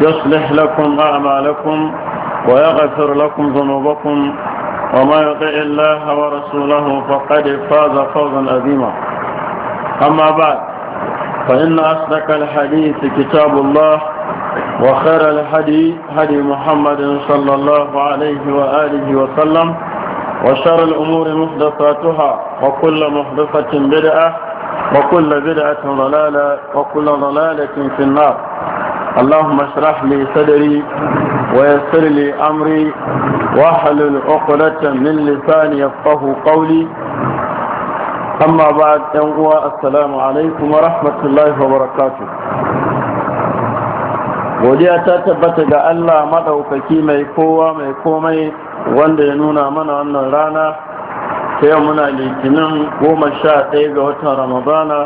يصلح لكم أعمالكم ويغفر لكم ذنوبكم وما يطع الله ورسوله فقد فاز فوزا عظيما أما بعد فإن أصدق الحديث كتاب الله وخير الهدي هدي محمد صلى الله عليه وآله وسلم وشر الأمور محدثاتها وكل محدثة بدعة وكل بدعة ضلالة وكل ضلالة في النار اللهم اشرح لي صدري ويسر لي أمري واحلل عقدة من لساني يفقه قولي أما بعد ينقوى السلام عليكم ورحمة الله وبركاته godiya ta tabbata ga Allah maɗaukaki mai kowa mai komai wanda ya nuna mana wannan rana ta yau muna litinin goma sha ɗaya ga watan ramadana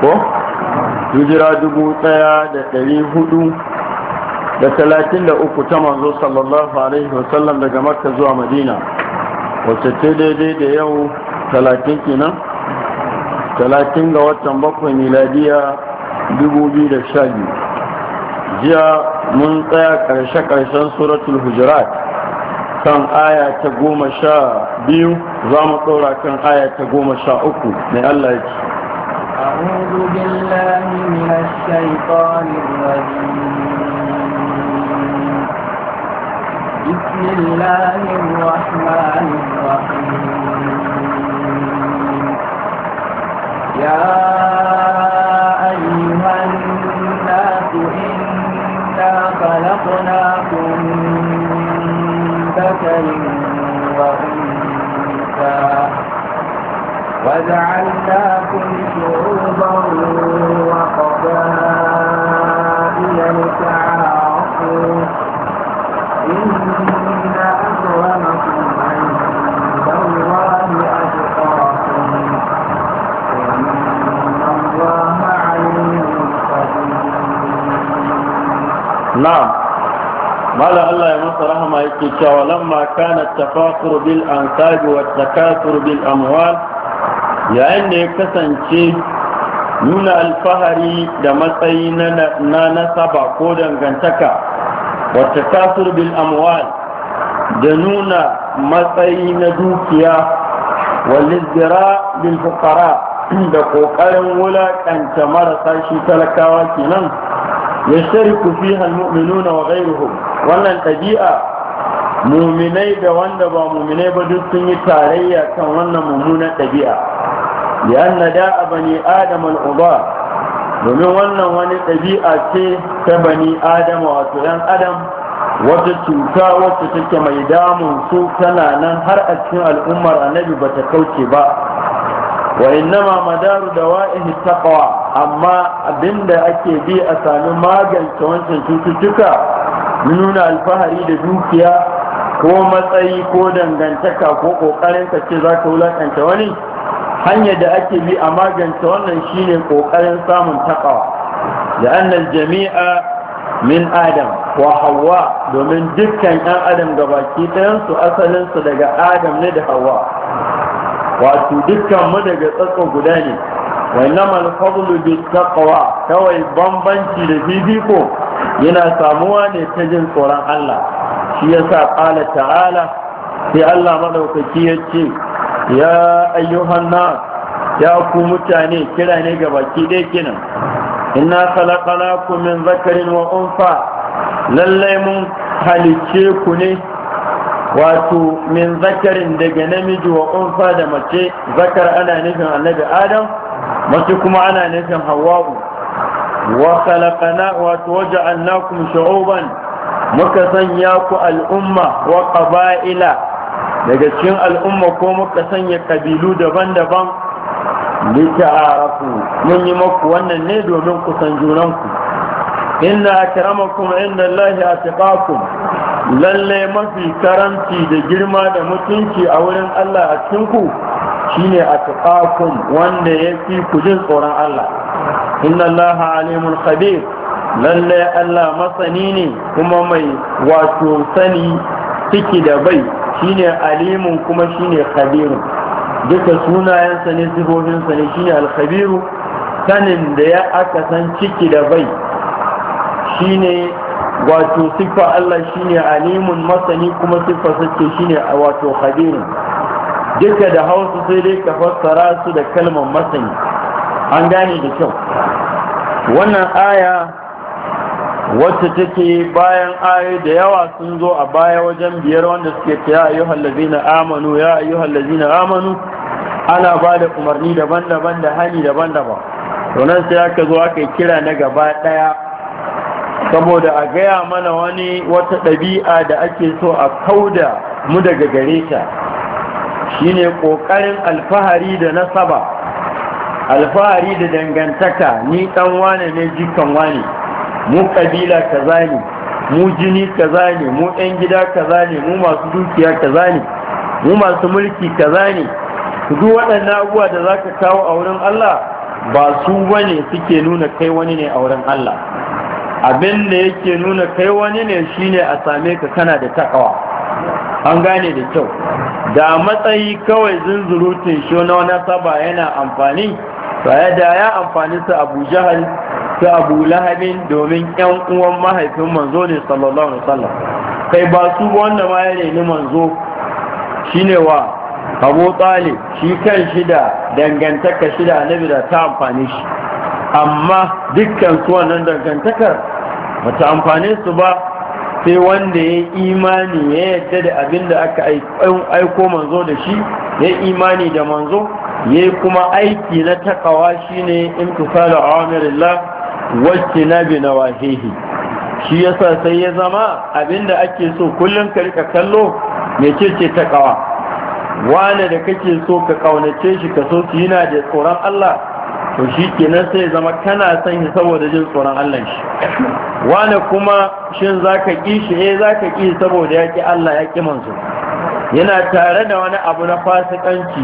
ko hijira dubu ɗaya da ɗari hudu da talatin da uku ta manzo sallallahu alaihi wasallam daga makka zuwa madina wacce ce daidai da yau talatin kenan talatin ga watan bakwai miladiya dubu biyu da sha biyu jiya mun tsaya karshe ƙarshen suratul hujurat kan aya ta goma sha biyu za mu tsora kan aya ta goma sha uku mai allah ya ce أعوذ بالله من الشيطان الرجيم بسم الله الرحمن الرحيم يا أيها الناس إنا خلقناكم من ذكر وأنثى وجعلناكم شعوبا وقبائل لتعارفوا إن أكرمكم عند الله أتقاكم إن الله عليم خبير نعم mala Allah ya masa rahama yake cewa lamma kana tafakuru bil ansab wa takathur bil amwal yayin da ya kasance nuna alfahari da matsayi na nasaba ko dangantaka wata tasir bil amwal da nuna matsayi na dukiya walizira bil fukara da ƙoƙarin wulaƙanta marasa shi talakawa kenan ya shariku fi halmu'minuna wa ghairuhum wannan ɗabi'a muminai da wanda ba muminai ba duk sun yi tarayya kan wannan mummunan ɗabi'a li'anna da'a bani adam al'uba domin wannan wani ɗabi'a ce ta bani adam wato ɗan adam wata cuta wacce take mai damun su tana nan har a cikin al'ummar annabi ba ta kauce ba wa innama madaru da wa'ihi taqwa amma abinda ake bi a sami magance wancan cututtuka nuna alfahari da dukiya ko matsayi ko dangantaka ko kokarin ka ce za ka wulakanta wani hanyar da ake bi a magance wannan shine kokarin samun takawa da annal jami'a min adam wa hawa domin dukkan 'yan adam gabaki ɗayansu asalinsu daga adam ne da hawa wato dukkan mu daga tsatsa guda ne kawai bambanci da bibiko? Yana samuwa ne ta jin tsoron Allah. Shi الله شيسا قال sai Allah الله ya ce. ya ayyuhan nas ya ku mutane kira ne ga baki dai kinan inna ku min zakarin wa unfa lallai mun halice ku ne wato min zakarin daga namiji wa unfa da mace zakar ana nufin annabi adam mace kuma ana nufin hawa'u wa khalaqana wato waja'alnakum shu'uban muka sanya ku al'umma wa ƙaba'ila. daga cikin al'umma ko muka sanya kabilu daban-daban lita'arafu mun yi maku wannan ne domin ku san junanku inna akramakum inda Allahi atqakum lalle mafi karanci da girma da mutunci a wurin Allah a cikin ku shine atqakum wanda yafi ku jin tsoron Allah inna Allaha alimul khabir lalle Allah masani ne kuma mai wato sani ciki da bai shine alimun kuma shine khabiru duka sunayensa ne sifofinsa ne shine alkhabiru sanin da ya aka san ciki da bai shine wato siffa Allah shine alimun masani kuma siffa sace shine wato khabiru duka da hausa sai dai ka fassara su da kalmar masani an gane da kyau wannan aya wacce take bayan ayoyi da yawa sun zo a baya wajen biyar wanda suke ta ya ayyuhal amanu ya ayyuhal amanu ana ba da umarni daban-daban da hani daban-daban to nan sai aka zo aka kira na gaba daya saboda a gaya mana wani wata ɗabi'a da ake so a kauda mu daga gare ta shine ƙoƙarin alfahari da nasaba alfahari da dangantaka ni ɗan wane ne jikan wane mu kabila kaza ne mu jini kaza ne mu ɗan gida kaza ne mu masu dukiya kaza ne mu masu mulki kaza ne duk waɗannan abubuwa da za ka kawo a wurin Allah ba su bane suke nuna kai wani ne a wurin Allah abin da yake nuna kai wani ne shine a same ka kana da takawa an gane da kyau da matsayi kawai zunzurutun shi na wani saba yana amfani baya da ya amfani su abu jahal ta abu lahabin domin yan uwan mahaifin manzo ne sallallahu alaihi wasallam kai ba su wanda ma ya reni manzo shine wa abu talib shi kan shida dangantaka shida annabi da ta amfani shi amma dukkan su wannan dangantakar bata amfane su ba sai wanda ya imani ya yadda da abin da aka aiko manzo da shi ya imani da manzo ya kuma aiki na takawa shine imtisala awamirillah wacce na bi na wahehi shi yasa sai ya zama abinda ake so kullum ka rika kallo mai ce ta kawa wane da kake so ka kaunace shi ka so yi yana da tsoron Allah to shi kenan sai zama kana son shi saboda jin tsoron Allah shi wane kuma shin zaka ki shi eh zaka ki saboda ya ki Allah ya ki manzo yana tare da wani abu na fasikanci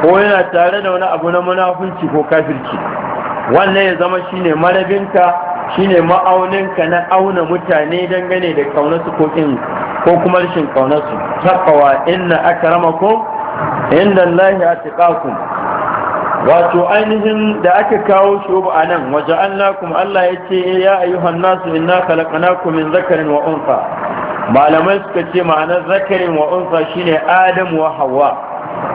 ko yana tare da wani abu na munafunci ko kafirci wannan ya zama shine marabinka shine ma'auninka na auna mutane dangane da kaunarsu ko in ko kuma rashin kaunarsu taqwa inna akramakum inda Allah atqakum wato ainihin da aka kawo shi a anan waje annakum Allah ya ce ya ayyuhan nasu inna khalaqnakum min zakarin wa malamai suka ce ma'anar zakarin wa shine adam wa hawa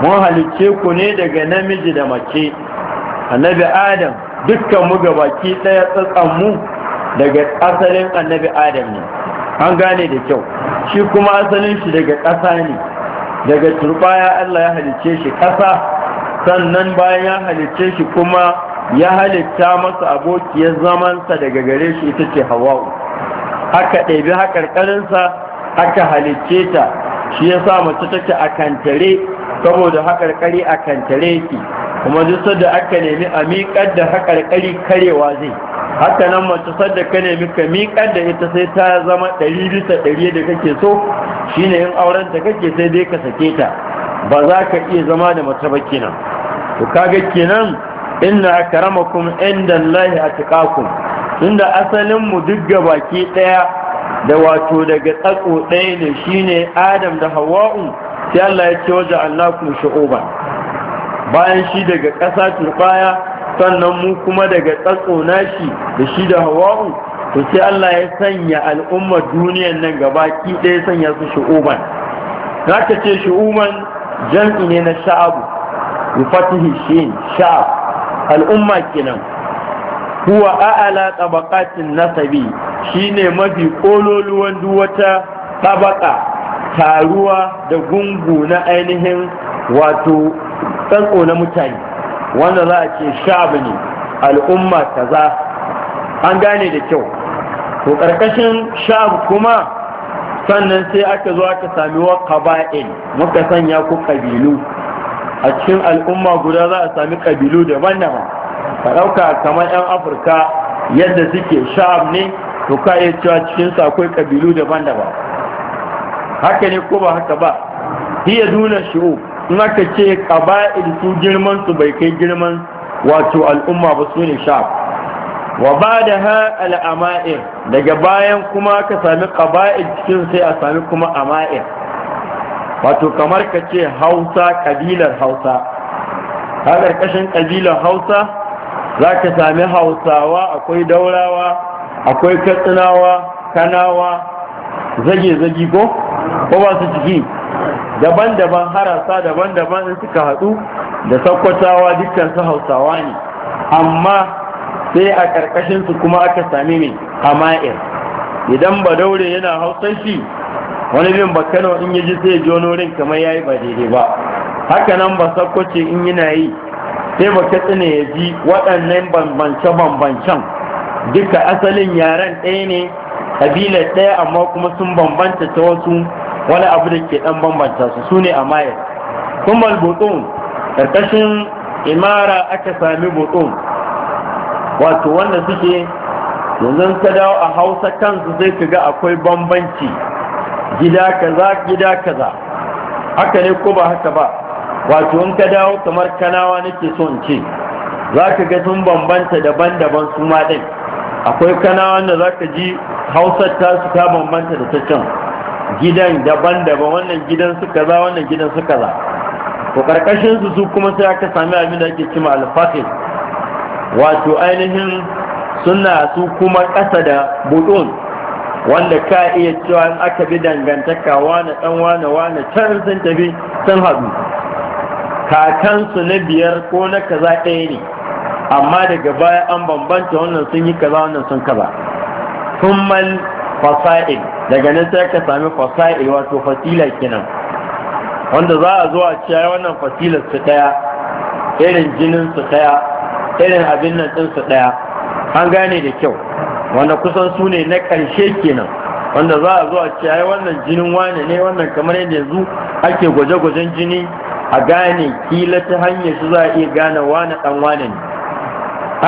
mun halicce ku ne daga namiji da mace annabi adam dukkan mu ga baki ɗaya tsatsan mu daga asalin annabi adam ne an gane da kyau shi kuma asalin shi daga ƙasa ne daga ya Allah ya halicce shi ƙasa sannan bayan ya halicce shi kuma ya halitta masa abokiyar zamansa daga gare shi ita ce hawa'u aka ɗabi haƙarƙarinsa aka halicce ta shi ya sa mace take a kantare saboda haƙarƙari a kantare ki kuma duk da aka nemi a miƙar da haƙarƙari karewa zai haka nan mace sadda ka nemi ka miƙar da ita sai ta zama ɗari bisa ɗari da kake so shine in auren ta kake sai dai ka sake ta ba za ka iya zama da mace ba kenan to kaga kenan inna akramakum lahi a atqakum tunda asalin mu duk baki ɗaya da wato daga tsako ɗaya ne shine Adam da Hawwa'u sai Allah ya ce waje Allah ku shu'uban bayan shi daga ƙasa turbaya sannan mu kuma daga tsatso nashi da shi da hawa'u to sai Allah ya sanya al'ummar duniyan nan gaba ki ɗaya sanya su shu'uban za ka ce shu'uban jam'i ne na sha'abu bi fatihi shin sha'ab al'umma kenan huwa a'ala tabaqatin nasabi shine mafi kololuwan duwata wata tabaka taruwa da gungu na ainihin wato tsanko na mutane wanda za a ce sha'abu ne al'umma kaza an gane da kyau to ƙarƙashin sha'abu kuma sannan sai aka zo aka sami wa qaba'il muka sanya ku ƙabilu a cikin al'umma guda za a sami ƙabilu daban-daban ka ɗauka kamar 'yan afirka yadda suke sha'ab ne to ka iya cewa cikin sa akwai ƙabilu daban-daban haka ne ko ba haka ba hiya duna shi'ub in aka ce ƙaba'il su girman su bai kai girman wato al'umma ba su ne sha wa ba da ha al'ama'ir daga bayan kuma ka sami ƙaba'il cikin sai a sami kuma ama'ir wato kamar ka ce hausa ƙabilar hausa ta ƙarƙashin ƙabilar hausa za ka sami hausawa akwai daurawa akwai katsinawa kanawa zage-zage ko ba su ciki daban-daban harasa daban-daban in suka haɗu da sakkwatawa dukkan su hausawa ne amma sai a ƙarƙashinsu kuma aka sami mai ama'ir idan ba daure yana shi wani bin bakano in ya ji sai ji wani kamar ya yi ba daidai ba haka nan ba sakkwace in yana yi sai ba katsina ya ji waɗannan bambance-bambancen duka asalin yaren ɗaya ne ƙabilar ɗaya amma kuma sun bambanta ta wasu wani abu da ke dan bambanta su su ne maye. kuma albutun karkashin imara aka sami butun wato wanda suke yanzu ka dawo a hausa kansu zai ka akwai bambanci gida kaza gida kaza haka ne ko ba haka ba wato in ka dawo kamar kanawa nake so in ce za ka ga sun bambanta daban-daban su ma akwai kanawa da za ka ji hausar tasu ta bambanta da ta can gidan daban-daban wannan gidan su kaza wannan gidan su kaza to karkashin su su kuma sai aka sami abin da ake cima alfaqih wato ainihin suna su kuma ƙasa da budun wanda ka iya cewa in aka bi dangantaka wane dan wane wane can sun tafi sun haɗu kakansu na biyar ko na kaza ɗaya ne amma daga baya an bambanta wannan sun yi kaza wannan sun kaza sun fasa'il daga nan sai ka sami fasa'il wato fasila kenan wanda za a zo a ciya wannan fasilar su daya irin jinin su daya irin abin nan din su daya an gane da kyau wanda kusan su ne na karshe kenan wanda za a zo a ciya wannan jinin wane ne wannan kamar yadda yanzu ake gwaje-gwajen jini a gane kila ta hanyar su za a iya gane wane dan wane ne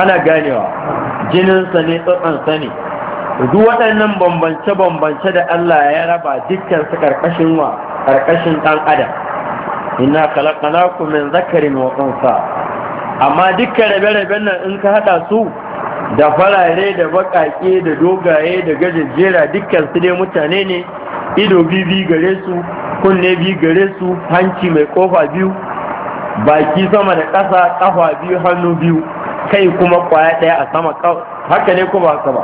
ana ganewa jininsa ne sa ne duk waɗannan bambance-bambance da Allah ya raba dukkan su ƙarƙashin wa ƙarƙashin ɗan adam inna ku min zakarin wa unsa amma dukkan rabe-raben nan in ka haɗa su da farare da baƙaƙe da dogaye da gajejjera dukkan su dai mutane ne ido bibi gare su kunne bi gare su hanci mai kofa biyu baki sama da ƙasa kafa biyu hannu biyu kai kuma ƙwaya ɗaya a sama haka ne ko ba haka ba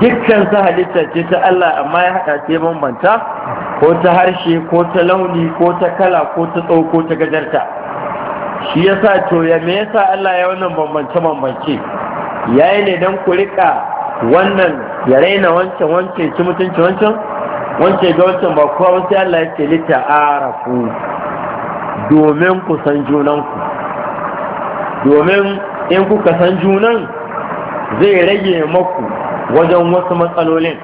dukkan su halitta ce ta Allah amma ya haɗa ce bambanta ko ta harshe ko ta launi ko ta kala ko ta tsawo ko ta gajarta shi sa to ya me yasa Allah ya wannan bambance bambance yayi ne don ku riƙa wannan ya raina wancan wancan ci mutunci wancan wancan ga wancan ba kowa wasu Allah ya ce litta arafu domin ku san junanku domin in kuka san junan zai rage maku wajen wasu matsalolin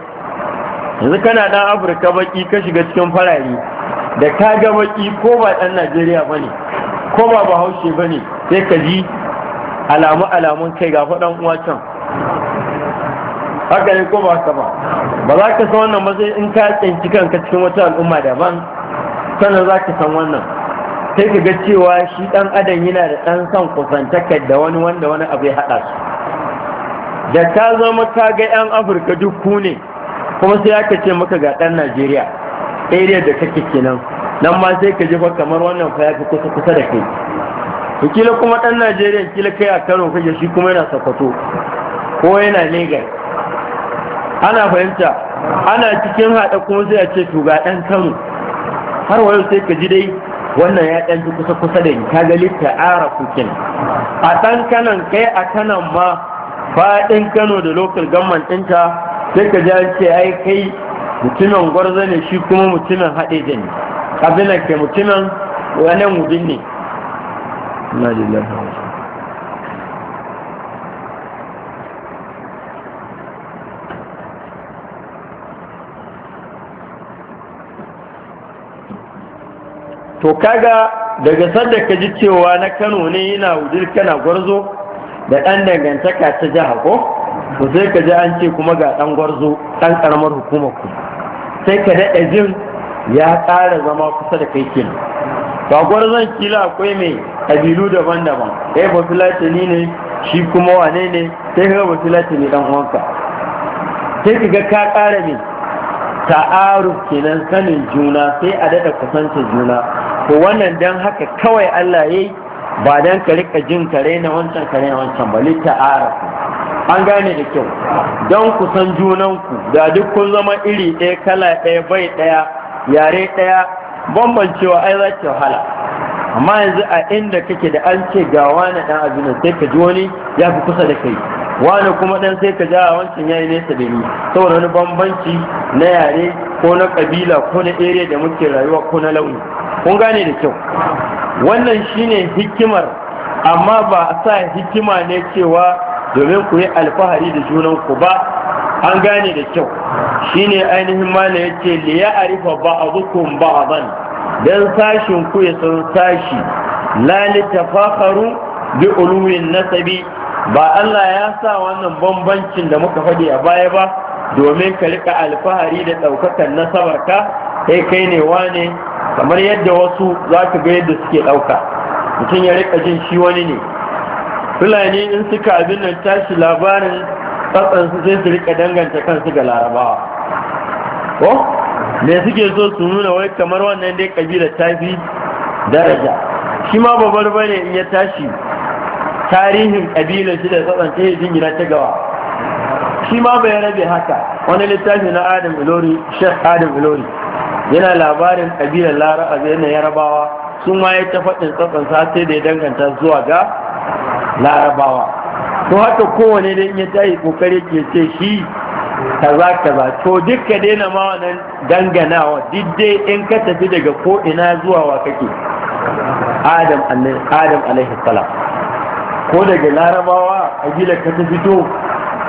yanzu kana ɗan afirka baki ka shiga cikin farari da ka ga baki ko ba ɗan najeriya ba ne ko ba bahaushe ba ne sai ka ji alamu alamun kai ga faɗan uwa can haka ne ko ba haka ba ba za ka san wannan ba sai in ka tsinci kanka cikin wata al'umma daban sannan za ka san wannan sai ka ga cewa shi ɗan adam yana da ɗan son kusantakar da wani wanda wani abu ya haɗa su da ka zama ka ga 'yan afirka duk ku ne kuma sai aka ce maka ga ɗan najeriya area da kake kenan nan ma sai ka jefa kamar wannan fa ya fi kusa kusa da kai kila kuma ɗan najeriya kila kai a kano kake shi kuma yana sokoto ko yana legas ana fahimta ana cikin haɗa kuma sai a ce to ga ɗan kano har wayo sai ka ji dai wannan ya ɗan kusa kusa da ni ka ga litta ara kukin a ɗan kanan kai a kanan ma fadin kano da local government ɗinta sai ka ji ce ai kai mutumin gwarza ne shi kuma mutumin haɗe da ne abinan ke mutumin wani wubin ne to kaga daga sanda ka ji cewa na kano ne yana wujir kana gwarzo da ɗan dangantaka ta jiha ko ku sai ka ji an ce kuma ga ɗan gwarzo ɗan ƙaramar hukumar ku sai ka daɗa jin ya ƙara zama kusa da kai kenan ba gwarzon kila akwai mai ƙabilu daban-daban ɗaya eh, ba filatini ne shi kuma wane ne sai ka ga ba filatini ɗan uwanka sai ka ga ka ƙara mai ta'aruf kenan sanin juna sai a daɗa kusanta juna to wannan dan haka kawai Allah ya yi ba dan ka rika jin kare na wancan kare na wancan ba litta'arafu an gane da kyau don ku san junanku da duk kun zama iri ɗaya kala ɗaya bai ɗaya yare ɗaya bambancewa ai za ki wahala amma yanzu a inda kake da an ce ga wani ɗan abinan sai ka ji wani ya fi kusa da kai wani kuma ɗan sai ka ja wancan yayi nesa da ni saboda wani bambanci na yare ko na ƙabila ko na ere da muke rayuwa ko na launi kun gane da kyau wannan shine hikimar amma ba a sa hikima ne cewa domin ku yi alfahari da junanku ba an gane da kyau shine ainihin mana ya ce liya arifa ba a dan sashin ku ya san sashi lalita fafaru bi ulumi nasabi ba Allah ya sa wannan bambancin da muka faɗi a baya ba domin ka rika alfahari da ɗaukakan nasabarka kai eh, kai ne wane kamar yadda wasu za ka ga yadda suke ɗauka mutum ya rika jin shi wani ne fulani in suka abin nan tashi labarin tsatsansu sai su rika danganta kansu ga larabawa ko me suke so su nuna wai kamar wannan dai kabila ta fi daraja shi ma babbar bane in ya tashi tarihin kabilar shi da tsatsance yi jingina ta gawa shi ma bai rabe haka wani littafi na adam ilori shek adam ilori yana labarin ƙabilar laraba yana yarabawa sun ma ya ta faɗin tsatsan sai da ya danganta zuwa ga larabawa to haka kowane da ya tashi kokari ke ce shi kaza kaza to dukka daina ma wannan danganawa diddai in ka tafi daga ko ina zuwa wa kake adam adam alaihi salam ko daga larabawa a gila ka tafi to?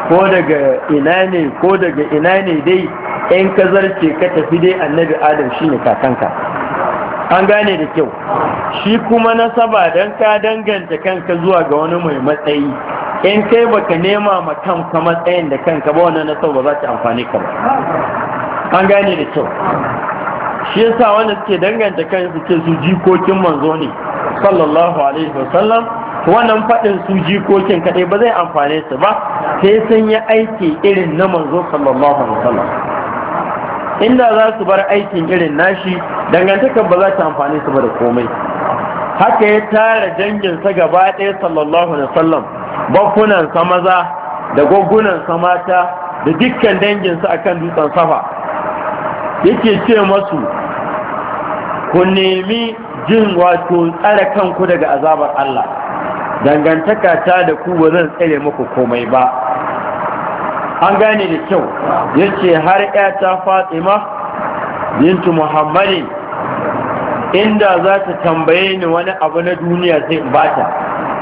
ko daga ina ne ko daga ina ne dai in ka zarce ka tafi dai annabi adam shine kakanka an gane da kyau shi kuma nasaba don ka danganta kanka zuwa ga wani mai matsayi in kai baka nema ma kanka matsayin da kanka ba wannan nasaba ba za ta amfani ka ba an gane da kyau shi yasa wanda suke danganta kansu ce su jikokin manzo ne sallallahu alaihi wasallam wannan faɗin su jikokin kaɗai ba zai amfane su ba sai sun yi aiki irin na manzo sallallahu alaihi wasallam inda za su bar aikin irin nashi dangantaka ba za ta amfane su ba da komai haka ya tara danginsa gaba ɗaya sallallahu alaihi wasallam sa maza da sa mata da dukkan danginsa akan dutsen safa yake ce masu ku nemi jin wato tsare kanku daga azabar Allah dangantaka ta da ku ba zan tsare muku komai ba an gane da kyau yace har ta fatima bintu muhammadi inda za ta tambaye ni wani abu na duniya sai in bata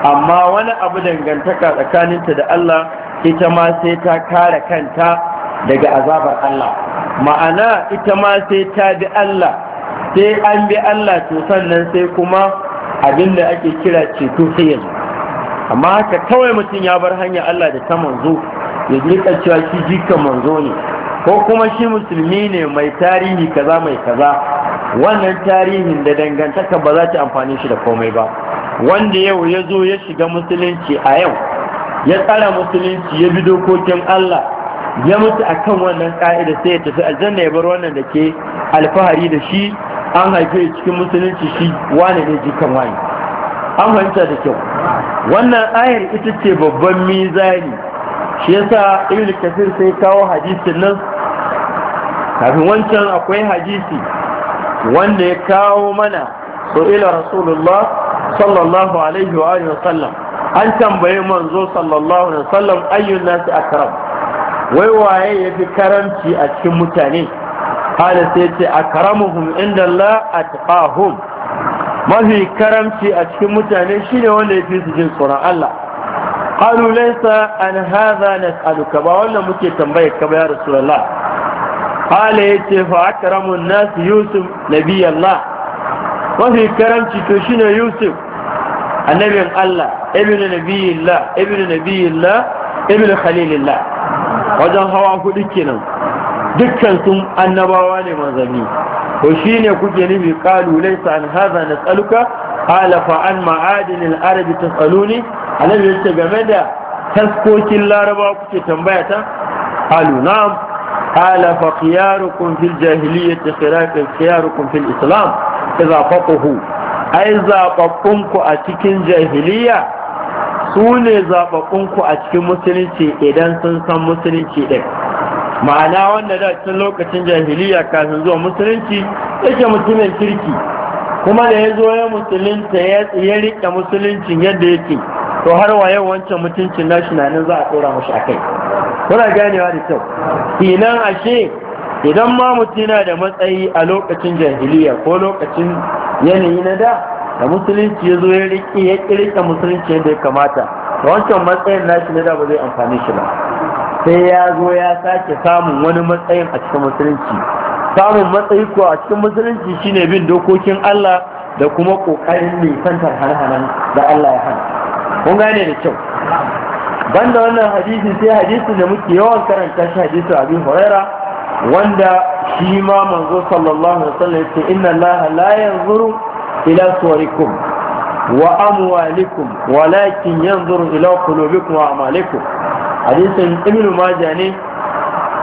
amma wani abu dangantaka tsakaninta da Allah ita ma sai ta kare kanta daga azabar Allah ma'ana ita ma sai ta bi Allah sai an bi Allah to sannan sai kuma abinda ake kira ceto sai amma haka kawai mutum ya bar hanya Allah da ta manzo ya rika cewa shi jika manzo ne ko kuma shi musulmi ne mai tarihi kaza mai kaza wannan tarihin da dangantaka ba za ta amfani shi da komai ba wanda yau ya zo ya shiga musulunci a yau ya tsara musulunci ya bi dokokin Allah ya mutu akan wannan ka'ida sai ya tafi aljanna ya bar wannan da ke alfahari da shi an haife cikin musulunci shi wane ne jikan wani an hanta da kyau wannan ayar ita ce babban mizani shi yasa ibn kafir sai kawo hadisin nan kafin wancan akwai hadisi wanda ya kawo mana su'ila rasulullah sallallahu alaihi wa alihi wasallam an tambaye manzo sallallahu alaihi wasallam ayyun nasi akram wai waye yafi karanci a cikin mutane hala sai ce akramuhum inda Allah atqahum mafi karamci a cikin mutane shine wanda ya fi su jin tsoron Allah qalu laysa an na nas'aluka ba wannan muke tambayar ka ba ya rasulullah ya yace fa akramu an-nas yusuf nabiyallah mafi karamci to shine yusuf annabin Allah ibnu nabiyillah ibnu nabiyillah ibnu khalilillah wajen hawa hudu kenan dukkan sun annabawa ne manzanni to shine kuke nufi qalu laysa an hadha nas'aluka qala fa an ma'adin ta arab tasaluni alabi yace game da taskokin laraba kuke tambaya ta qalu na'am qala fa khiyarukum fil jahiliyyati khiyarukum fil islam idza faqahu ai zaɓaɓɓunku a cikin jahiliya su ne zaɓaɓɓunku a cikin musulunci idan sun san musulunci ɗin ma'ana wanda da cikin lokacin jahiliya kafin zuwa musulunci yake mutumin kirki kuma da ya zo ya musulunta ya riƙe musuluncin yadda yake to har wa yau wancan mutuncin nashi na nan za a tsora mashi akai kuna ganewa da kyau kinan ashe idan ma mutum yana da matsayi a lokacin jahiliya ko lokacin yanayi na da da musulunci ya zo ya riƙe ya musulunci yadda ya kamata da wancan matsayin nashi na da ba zai amfani shi ba sai ya zo ya sake samun wani matsayin a cikin musulunci samun matsayi ko a cikin musulunci shine bin dokokin Allah da kuma kokarin nisantar hana da Allah ya hana kun gane da kyau banda wannan hadisi sai hadisi da muke yawan karanta shi hadisi abin huraira wanda shi ma manzo sallallahu alaihi wasallam yace inna Allah la yanzuru ila suwarikum wa amwalikum walakin yanzuru ila qulubikum wa a'malikum hadisin ibn maja ne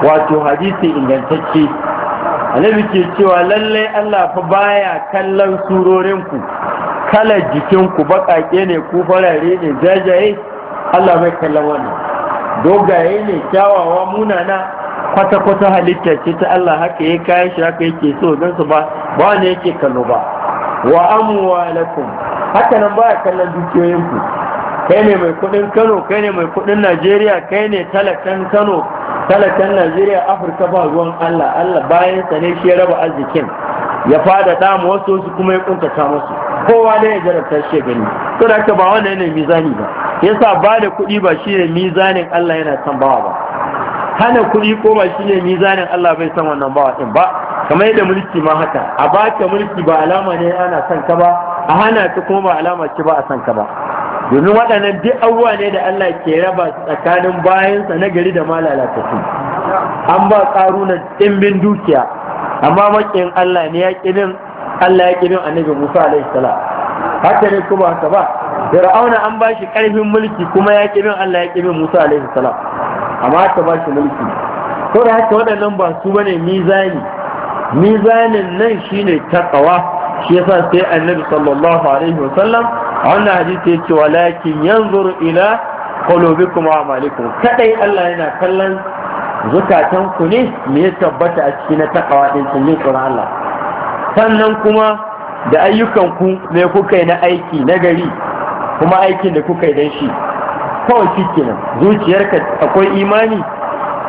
wato hadisi ingantacce annabi ke cewa lallai Allah fa baya kallon surorinku kalar jikinku baƙaƙe ne ku farare ne jajaye Allah mai kallon wannan dogaye ne kyawawa munana kwata-kwata halitta ce ta Allah haka ya kayan shi haka yake so dan su ba ba ne yake kallo ba wa amwalakum haka nan baya kallon dukiyoyinku kai ne mai kudin kano kai ne mai kudin najeriya kai ne talakan kano talakan najeriya afirka ba ruwan allah allah bayan sa ne shi ya raba arzikin ya fada mu wasu su kuma ya kuntata musu kowa ne ya jarabta shi gani to da ba wannan ne mizani ba yasa ba da kuɗi ba shi ne mizanin allah yana son bawa ba hana kuɗi ko ba shi ne mizanin allah bai san wannan bawa din ba kamar yadda mulki ma haka a baka mulki ba alama ne ana son ka ba a hana ka kuma ba alama ce ba a son ka ba domin waɗannan duk abubuwa ne da Allah ke raba tsakanin bayansa na gari da malalatattu an ba na ɗimbin dukiya amma makin Allah ne ya ƙinin Allah ya ƙinin annabi Musa alaihi salam haka ne kuma haka ba Fir'auna an ba shi ƙarfin mulki kuma ya ƙinin Allah ya ƙinin Musa alaihi salam amma haka ba shi mulki ko da haka waɗannan ba su bane mizani mizanin nan shine takawa shi yasa sai annabi sallallahu alaihi wasallam a wannan hadisi yake walakin yanzuru ila qulubikum wa amalikum kadai Allah yana kallon zukatan ku ne me ya tabbata a cikin takawa din sun yi tsoron Allah sannan kuma da ayyukan ku me kuka yi na aiki na gari kuma aikin da kuka yi dan shi kawai shi kenan zuciyarka akwai imani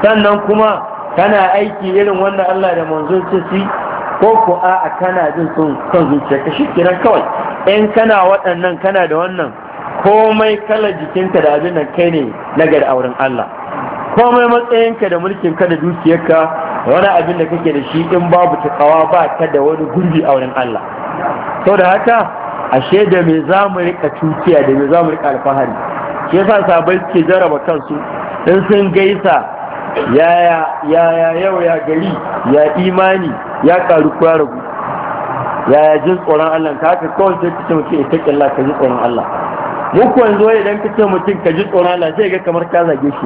sannan kuma kana aiki irin wanda Allah da manzon su ko ko a kana jin sun son zuciya ka shi kiran kawai in kana waɗannan kana da wannan komai kalar jikinka da abin nan kai ne na gari auren Allah komai matsayinka da mulkin ka da dukiyarka wani abin da kake da shi in babu kawa ba ka da wani gurbi auren Allah sau da haka ashe da me za mu rika tukiya da me za mu rika alfahari shi yasa sabai suke jaraba kansu in sun gaisa yaya yaya yau ya gari ya imani ya karu ko ya ragu yaya jin tsoron Allah ka haka kawai sai ka ce mutum ita kyalla ka ji tsoron Allah mu ko yanzu wai idan ka ce mutum ka ji tsoron Allah sai ga kamar ka zage shi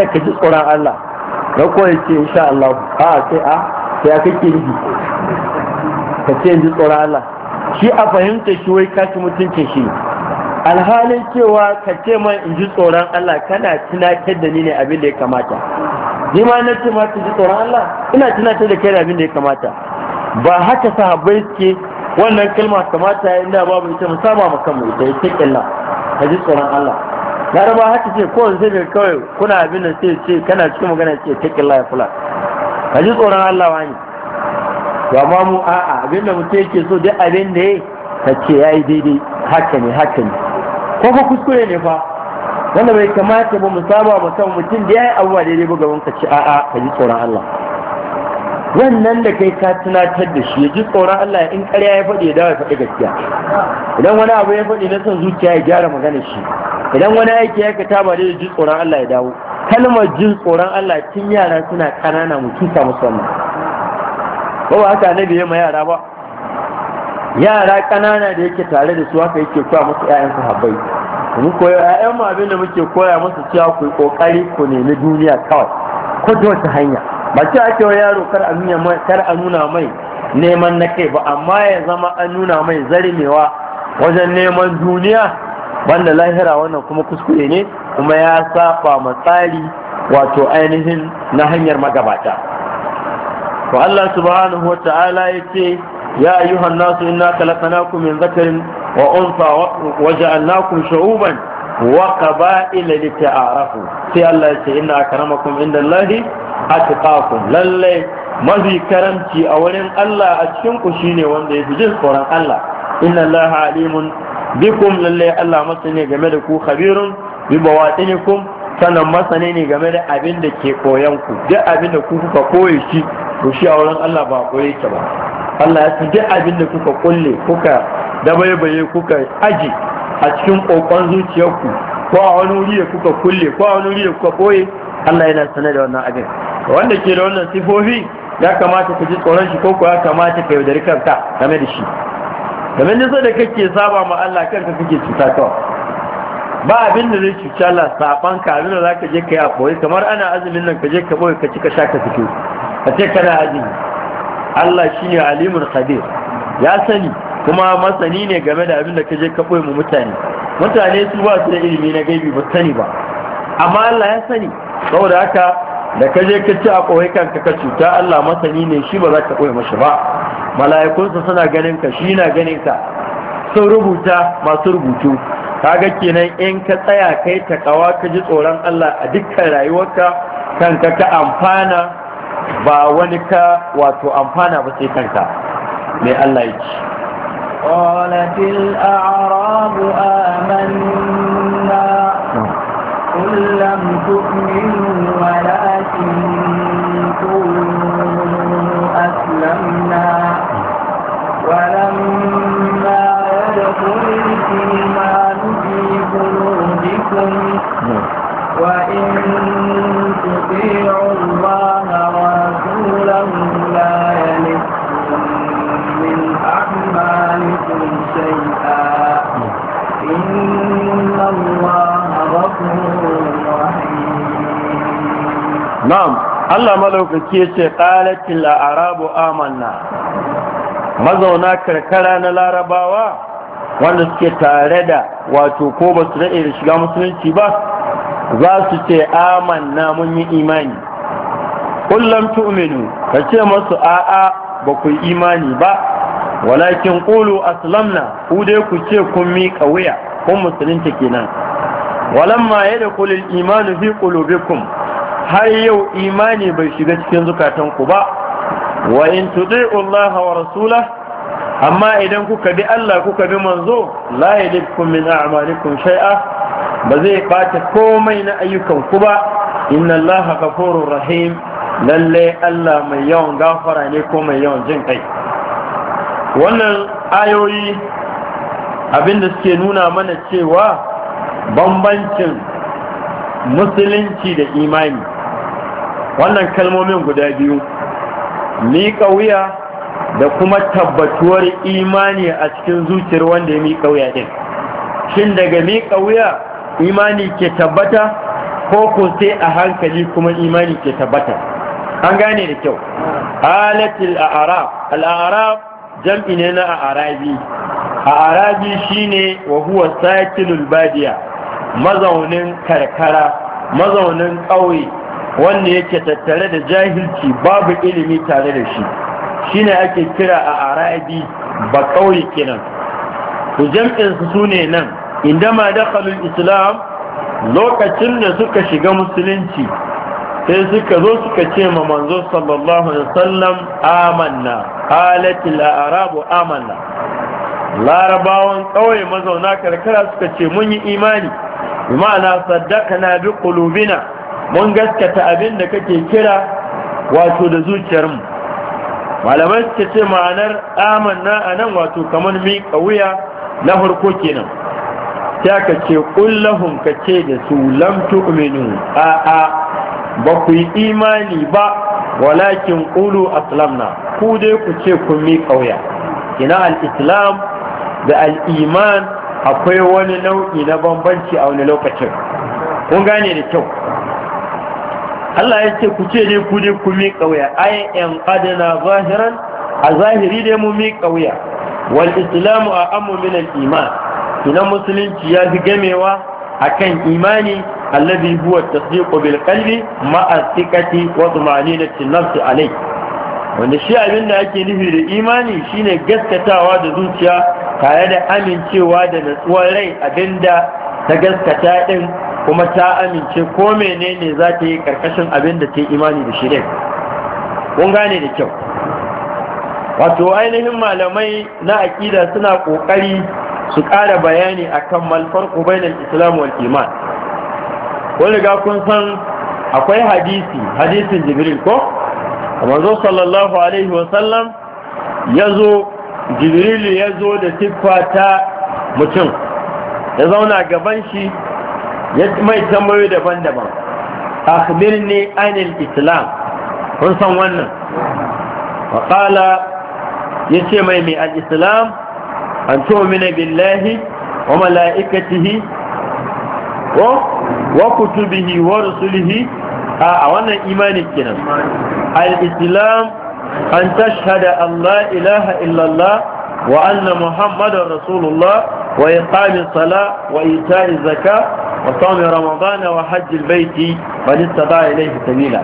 ne ka ji tsoron Allah ga ko ya ce insha Allah a sai a ah, sai ya kake rubi ka ce ji tsoron Allah shi a fahimta shi wai ka ci mutuncin shi alhalin cewa ka ce man in ji tsoron Allah kana tunatar da ni ne abin da ya kamata ni ma na ce ma ji tsoron Allah ina tunatar da kai da abin da ya kamata ba haka sahabbai suke wannan kalma kamata ya ina babu ita mu saba ma kanmu ita ita killa ka ji tsoron Allah laraba haka ce ko sai ga kawai kuna abin da sai ce kana cikin magana ce ta killa ya kula. ka ji tsoron Allah wani to amma mu a'a abin da yake so duk abin da ya ka ce yayi daidai haka ne haka ne ko fa kuskure ne fa wanda bai kamata ba mu saba ba kan mutum da ya yi abuwa daidai ba gaban ka ci a'a ka ji tsoron Allah wannan da kai ka tunatar da shi ya ji tsoron Allah in ƙarya ya faɗi ya dawo ya faɗi gaskiya idan wani abu ya faɗi na son zuciya ya gyara magana shi idan wani aiki ya ka taba da ji tsoron Allah ya dawo kalmar jin tsoron Allah tun yara suna ƙanana mu kisa musu wannan ba ba haka annabi ya ma yara ba yara ƙanana da yake tare da su haka yake kwa musu ƴaƴansu habbai mu koyo ƴaƴan mu abin da muke koya musu cewa ku kokari ku nemi duniya kawai ko ta wata hanya ba ce ake wa yaro kar a nuna mai kar a mai neman na kai ba amma ya zama an nuna mai zarmewa wajen neman duniya banda lahira wannan kuma kuskure ne kuma ya saba ma tsari wato ainihin na hanyar magabata to Allah subhanahu wa ta'ala ya يا أيها الناس إنا خلقناكم من ذكر وأنثى وجعلناكم شعوبا وقبائل لتعارفوا في الله إن أكرمكم عند الله أتقاكم للي mafi karanci a wurin Allah a cikin ku shine wanda yafi jin tsoron Allah inna Allah alimun bikum lallai Allah masani game da ku khabirun bi sannan masani ne game da abin da ke koyan ku duk abin da ku kuka koye shi to shi a wurin Allah ba koye ki ba Allah ya ce duk abin da kuka kulle kuka dabaibaye kuka aji a cikin kokon zuciyarku ko a wani wuri da kuka kulle ko a wani wuri da kuka koye Allah yana sanar da wannan abin wanda ke da wannan sifofi ya kamata ka ji tsoron shi ko ya kamata ka yaudari kanka game da shi game da sai da kake saba ma Allah kanka kake cuta kawai ba abin da zai cuta Allah safan ka abin da za ka je ka yi a koyi kamar ana azumin nan ka je ka boye ka ci ka sha ka fito ka ce kana azumi Allah ne alimun qadir ya sani kuma masani ne game da abin da ka je ka boye mu mutane mutane su ba su da ilimi na gaibi ba sani ba amma Allah ya sani saboda haka da ka je ka ci a koyi kan ka cuta Allah masani ne shi ba za ka boye mashi ba mala'ikunsa suna ganin ka shi na ganin ka sun rubuta masu rubutu kaga kenan in ka tsaya kai ta kawa ka ji tsoron Allah a dukkan rayuwarka kanka ka amfana ba wani ka wato amfana ba sai kanka Me Allah ya yake قالت الأعراب آمنا قل لم تؤمنوا ولكن قولوا أسلمنا ولما يدخل الإيمان وإن تطيعوا الله ورسوله لا يلدكم من أعمالكم شيئا إن الله غفور رحيم نعم Allah malaukaki ya ce ƙalatil a arabu amanna mazauna karkara na larabawa wanda suke tare da wato ko ba su daɗe da shiga musulunci ba za su ce amanna mun yi imani kullum tu'minu ka ce masu a'a ba ku yi imani ba walakin qulu aslamna ku dai ku ce kun miƙa wuya kun musulunta kenan walamma yadkhulul imanu fi qulubikum har yau imani bai shiga cikin zukatanku ba wa in tuti'u Allah wa rasula amma idan kuka bi Allah kuka bi manzo la yadkum min a'malikum shay'a ba zai bata komai na ayyukan ku ba inna allaha ghafurur rahim lalle Allah mai yawan gafara ne ko mai yawan jin kai wannan ayoyi abinda suke nuna mana cewa bambancin musulunci da imani wannan kalmomin guda biyu miƙa wuya da kuma tabbatuwar imani a cikin zuciyar wanda ya miƙa wuya ɗin shin daga miƙa wuya imani ke tabbata ko ko sai a hankali kuma imani ke tabbata an gane da kyau halatul a'rab al-a'rab jam'i ne na a'rabi A a'rabi shine wa huwa sakinul badiya mazaunin karkara mazaunin ƙauye wanda yake tattare da jahilci babu ilimi tare da shi shine ake kira a arabi ba ƙauye kenan to jam'in su sune nan indama dakhalul islam lokacin da suka shiga musulunci sai suka zo suka ce ma manzo sallallahu alaihi wasallam amanna qalatil arabu amanna larabawan kawai mazauna karkara suka ce mun yi imani bima'ana na bi qulubina mun gaskata abin da kake kira wato da zuciyarmu malamai suka ce ma'anar amanna anan wato kamar mi kawuya na harko kenan ya ka ce kullahum ka ce da su lam tu'minu a a ba ku yi imani ba walakin qulu aslamna ku dai ku ce kun mi kauya ina al-islam da al-iman akwai wani nau'i na bambanci a wani lokacin kun gane da kyau Allah ya ce ku ce dai ku dai ku mi kauya ai adana zahiran a zahiri dai mu mi kauya wal islamu a amu min al iman ina musulunci ya fi gamewa a kan imani alladhi huwa tasdiqu bil qalbi ma'a thiqati wa tumaninati nafsi alai wanda shi abin da ake nufi da imani shine gaskatawa da zuciya tare da amincewa da natsuwar rai abinda ta gaskata din kuma ta amince ko menene za ta yi karkashin abin da ta yi imani da shi din kun gane da kyau wato ainihin malamai na aƙida suna ƙoƙari su ƙara bayani akan malfarku bainal islam wal iman wani ga kun san akwai hadisi hadisin jibril ko manzo sallallahu alaihi wasallam ya zo jibril ya zo da siffa ta mutum ya zauna gaban shi ya mai tambayoyi daban-daban ne anil islam kun san wannan wa ya yace mai mai al-islam an tu'mina billahi wa mala'ikatihi wa kutubihi wa rusulihi a wannan imani kenan al-islam an tashhada an la ilaha illallah wa anna muhammadar rasulullah wa iqamis sala wa Zaka, zakah وصوم رمضان wa البيت من استطاع إليه سبيلا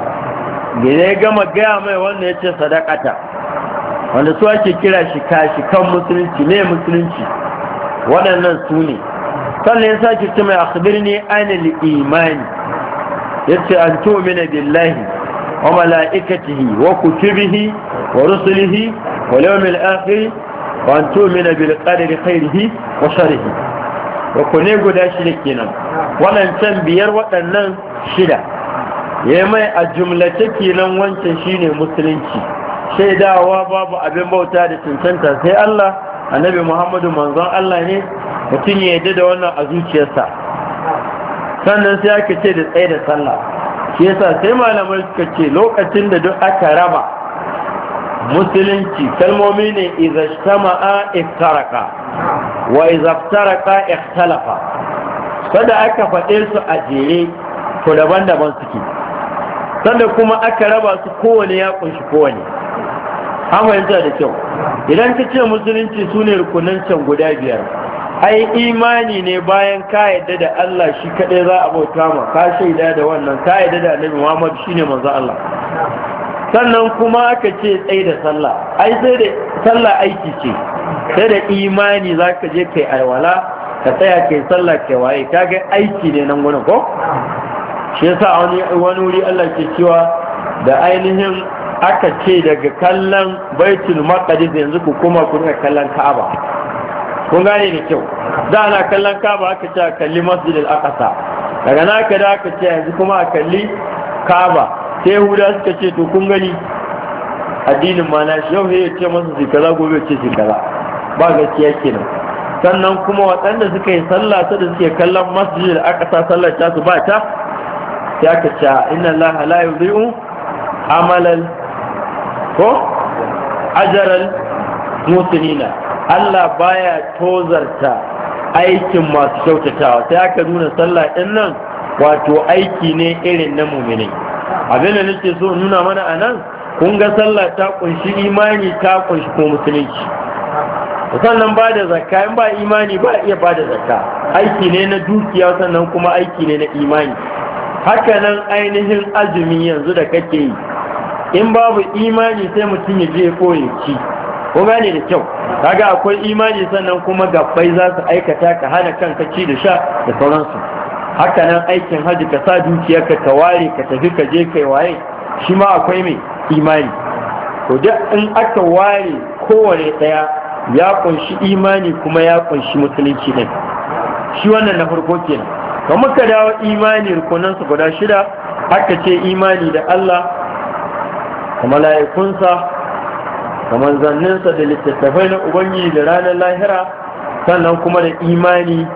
gida ya gama gaya mai wanda ya ce sadakata wanda su ake kira shi kashi kan musulunci ne musulunci waɗannan su ne sannan ya sake ce mai akhbir ne anil imani ya an tumina billahi wa mala'ikatihi wa kutubihi wa rusulihi wa yawmil akhir wa an tumina bil qadari khairihi wa sharrihi wa kone guda ne kenan waɗancan biyar waɗannan shida ya mai a jumlace kenan wancan shine musulunci shaidawa babu abin bauta da cancanta sai Allah annabi Muhammadu manzon Allah ne mutum ya yarda da wannan a zuciyarsa sannan sai aka ce da tsaye da sallah shi yasa sai malamai suka ce lokacin da duk aka raba musulunci kalmomi ne idza shtama'a iftaraka wa idza ikhtalafa kada aka faɗe su a jere ko daban-daban suke sanda kuma aka raba su kowane ya kunshi kowane fahimta da kyau idan ka ce musulunci su ne rukunan can guda biyar ai imani ne bayan ka yadda da Allah shi kaɗai za a bauta ma ka shaida da wannan ka yadda da annabi Muhammad shi ne manzo Allah sannan kuma aka ce tsaye da sallah ai sai da sallah aiki ce sai da imani za ka je kai aiwala ka tsaya kai sallah kai waye ka ga aiki ne nan gurin ko shi yasa wani wani wuri Allah ke cewa da ainihin aka ce daga kallon baitul maqdis yanzu ku kuma ku ga kallon ka'aba kun gane da kyau da ana kallon ka'aba aka ce a kalli al aqsa daga na aka da aka ce yanzu kuma a kalli ka'aba sai huda suka ce to kun gani addinin ma na shi yau sai ce masa shi kaza gobe ce shi kaza ba gaskiya kenan sannan kuma waɗanda suka yi sallah ta da suke kallon al aqsa sallar ta su ba ta sai aka ce inna allaha la yudhi'u amalan. ko ajaran musulina Allah baya tozarta aikin masu kyautatawa sai aka nuna sallah ɗin nan wato aiki ne irin na muminai abin da nake so nuna mana a nan kun ga sallah ta kunshi imani ta kunshi ko musulunci sannan ba da zakka in ba imani ba iya ba da zakka aiki ne na dukiya sannan kuma aiki ne na imani haka nan ainihin azumi yanzu da kake yi in babu imani sai mutum ya je koyi ci ko gane da kyau kaga akwai imani sannan kuma gabbai za su aikata ka hana kanka ci da sha da sauransu haka nan aikin hajji ka sa dukiya ka ware ka tafi ka je kai waye shi ma akwai mai imani to duk in aka ware kowane daya ya kunshi imani kuma ya kunshi musulunci ne shi wannan na farko kenan kuma ka dawo imani rukunansu guda shida aka ce imani da Allah da mala'ikunsa da manzanninsa da littattafai na ubangiji da ranar lahira sannan kuma da imani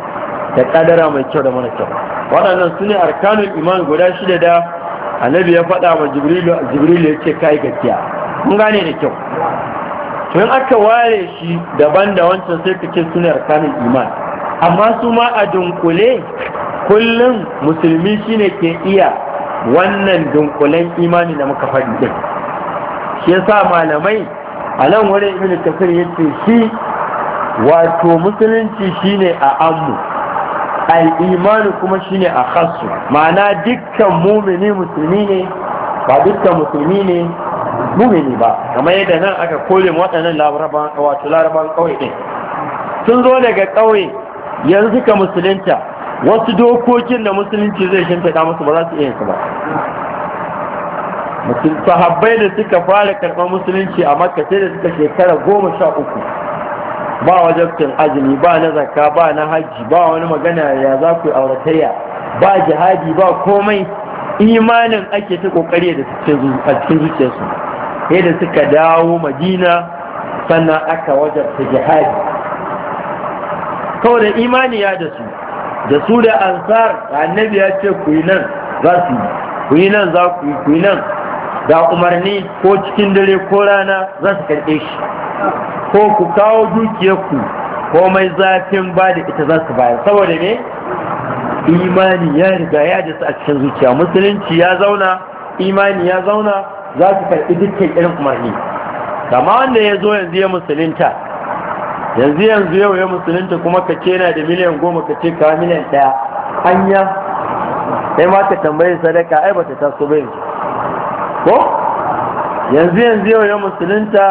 da kadara mai kyau da mana kyau waɗannan su ne arkanun iman guda shida da annabi ya faɗa wa jibrilu jibrilu ya ce kai gaskiya kun gane da kyau Tun aka ware shi daban da wancan sai ka ce su ne arkanun iman amma su ma a dunkule kullum musulmi shine ke iya wannan dunkulen imani da muka faɗi din ya sa malamai a nan wurin ibn kafir yace shi wato musulunci shine a ammu al'imanu kuma shine a khasu ma'ana dukkan mumini musulmi ne ba dukkan musulmi ne mumini ba kamar yadda nan aka kore waɗannan laraban wato laraban ƙauye ɗin sun zo daga ƙauye yanzu suka musulunta wasu dokokin da musulunci zai shimfiɗa musu ba za su iya su ba mutum sahabbai da suka fara karɓar musulunci a makka sai da suka shekara goma sha uku ba wajabcin azumi ba na zakka ba na hajji ba wani magana ya za ku auratayya ba jihadi ba komai imanin ake ta kokari da a cikin zuciyarsu sai da suka dawo madina sannan aka wajabta jihadi saboda imani ya da su da su da ansar annabi ya ce ku yi nan za su yi ku yi nan za ku yi ku yi nan ga umarni ko cikin dare ko rana za su karɓe shi ko ku kawo dukiyarku ko mai zafin ba da ita za su bayar saboda ne imani ya riga ya ji su a cikin zuciya musulunci ya zauna imani ya zauna za su karɓi dukkan irin umarni kama wanda ya zo yanzu ya musulunta yanzu yanzu yau ya musulunta kuma ka ce yana da miliyan goma ka ce kawai miliyan ɗaya hanya sai ma ka tambayi sadaka ai bata taso bai yanzu ko yanzu yanzu yau ya musulunta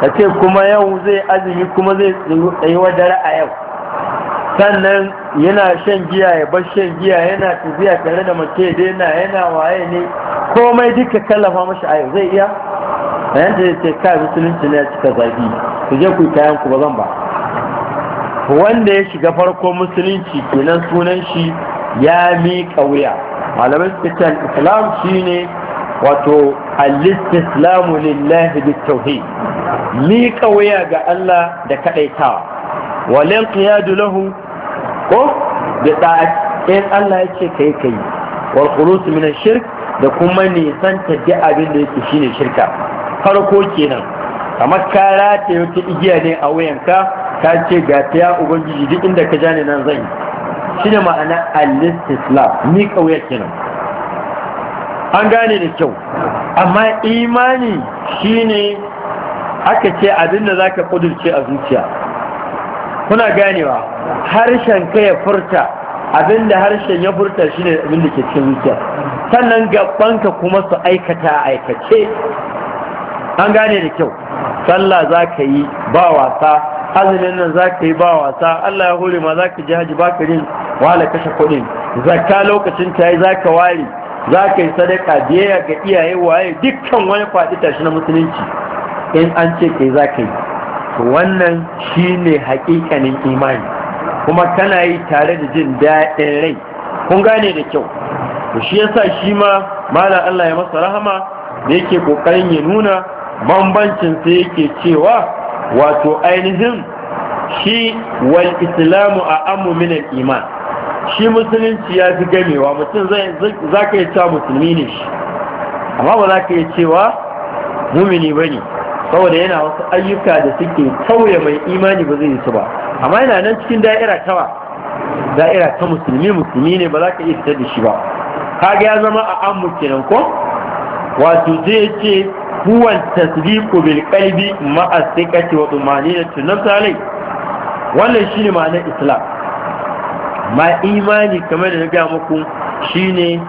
ka ce kuma yau zai azumi kuma zai tsayi wa dare a yau sannan yana shan giya ya bar shan giya yana tafiya tare da mace daina yana waye ne komai duka kallafa mashi a zai iya bayan da ce ka musulunci ne ya cika zagi ku je ku kayan ku ba zan ba wanda ya shiga farko musulunci kenan sunan shi ya miƙa wuya malamai suka ce islam shine wato al-istislamu lillahi bit-tauhid miƙa waya ga Allah da kadaitawa wal inqiyadu lahu ko da ta'ati in Allah yake kai kai wal khulus min ash-shirk da kuma ne san ta da abin da yake shine shirka farko kenan kamar ka rataye wata igiya ne a wayanka ka ce ga ta ya ubangiji duk inda ka jani nan zan yi shine ma'ana al-istislam miƙa waya kenan an gane da kyau amma imani shi ne aka ce abinda za ka kudurce a zuciya kuna ganewa harshen ka ya furta abinda harshen ya furta shi shine abinda ke cikin zuciya sannan gabanka kuma su aikata a aikace an gane da kyau sallah za ka yi ba wasa azumin nan za ka yi ba wasa Allah ya hore ma za ka ji haji bakarin wala kashe kudin zakka lokacin ta yi za ka ware za ka yi sadaka biyayya ga iyaye waye dukkan wani faɗi tashi na musulunci in an ce kai za ka yi wannan shi ne hakikanin imani kuma kana yi tare da jin daɗin rai kun gane da kyau to shi yasa shi ma malam Allah ya masa rahama da yake kokarin ya nuna bambancin sai yake cewa wato ainihin shi wal islamu a amu min iman shi musulunci ya fi gamewa mutum za ka yi cewa musulmi ne shi amma ba za ka yi cewa mumini ba ne saboda yana wasu ayyuka da suke tauye mai imani ba zai yi su ba amma yana nan cikin da'ira ba, da'ira ta musulmi musulmi ne ba za ka iya fitar da shi ba kaga ya zama a an kenan ko wato zai ce huwan tasdiqu bil qalbi ma'a thiqati wa tumaninatu nafsalai wannan shine ma'anar islam ma imani kamar da na muku shine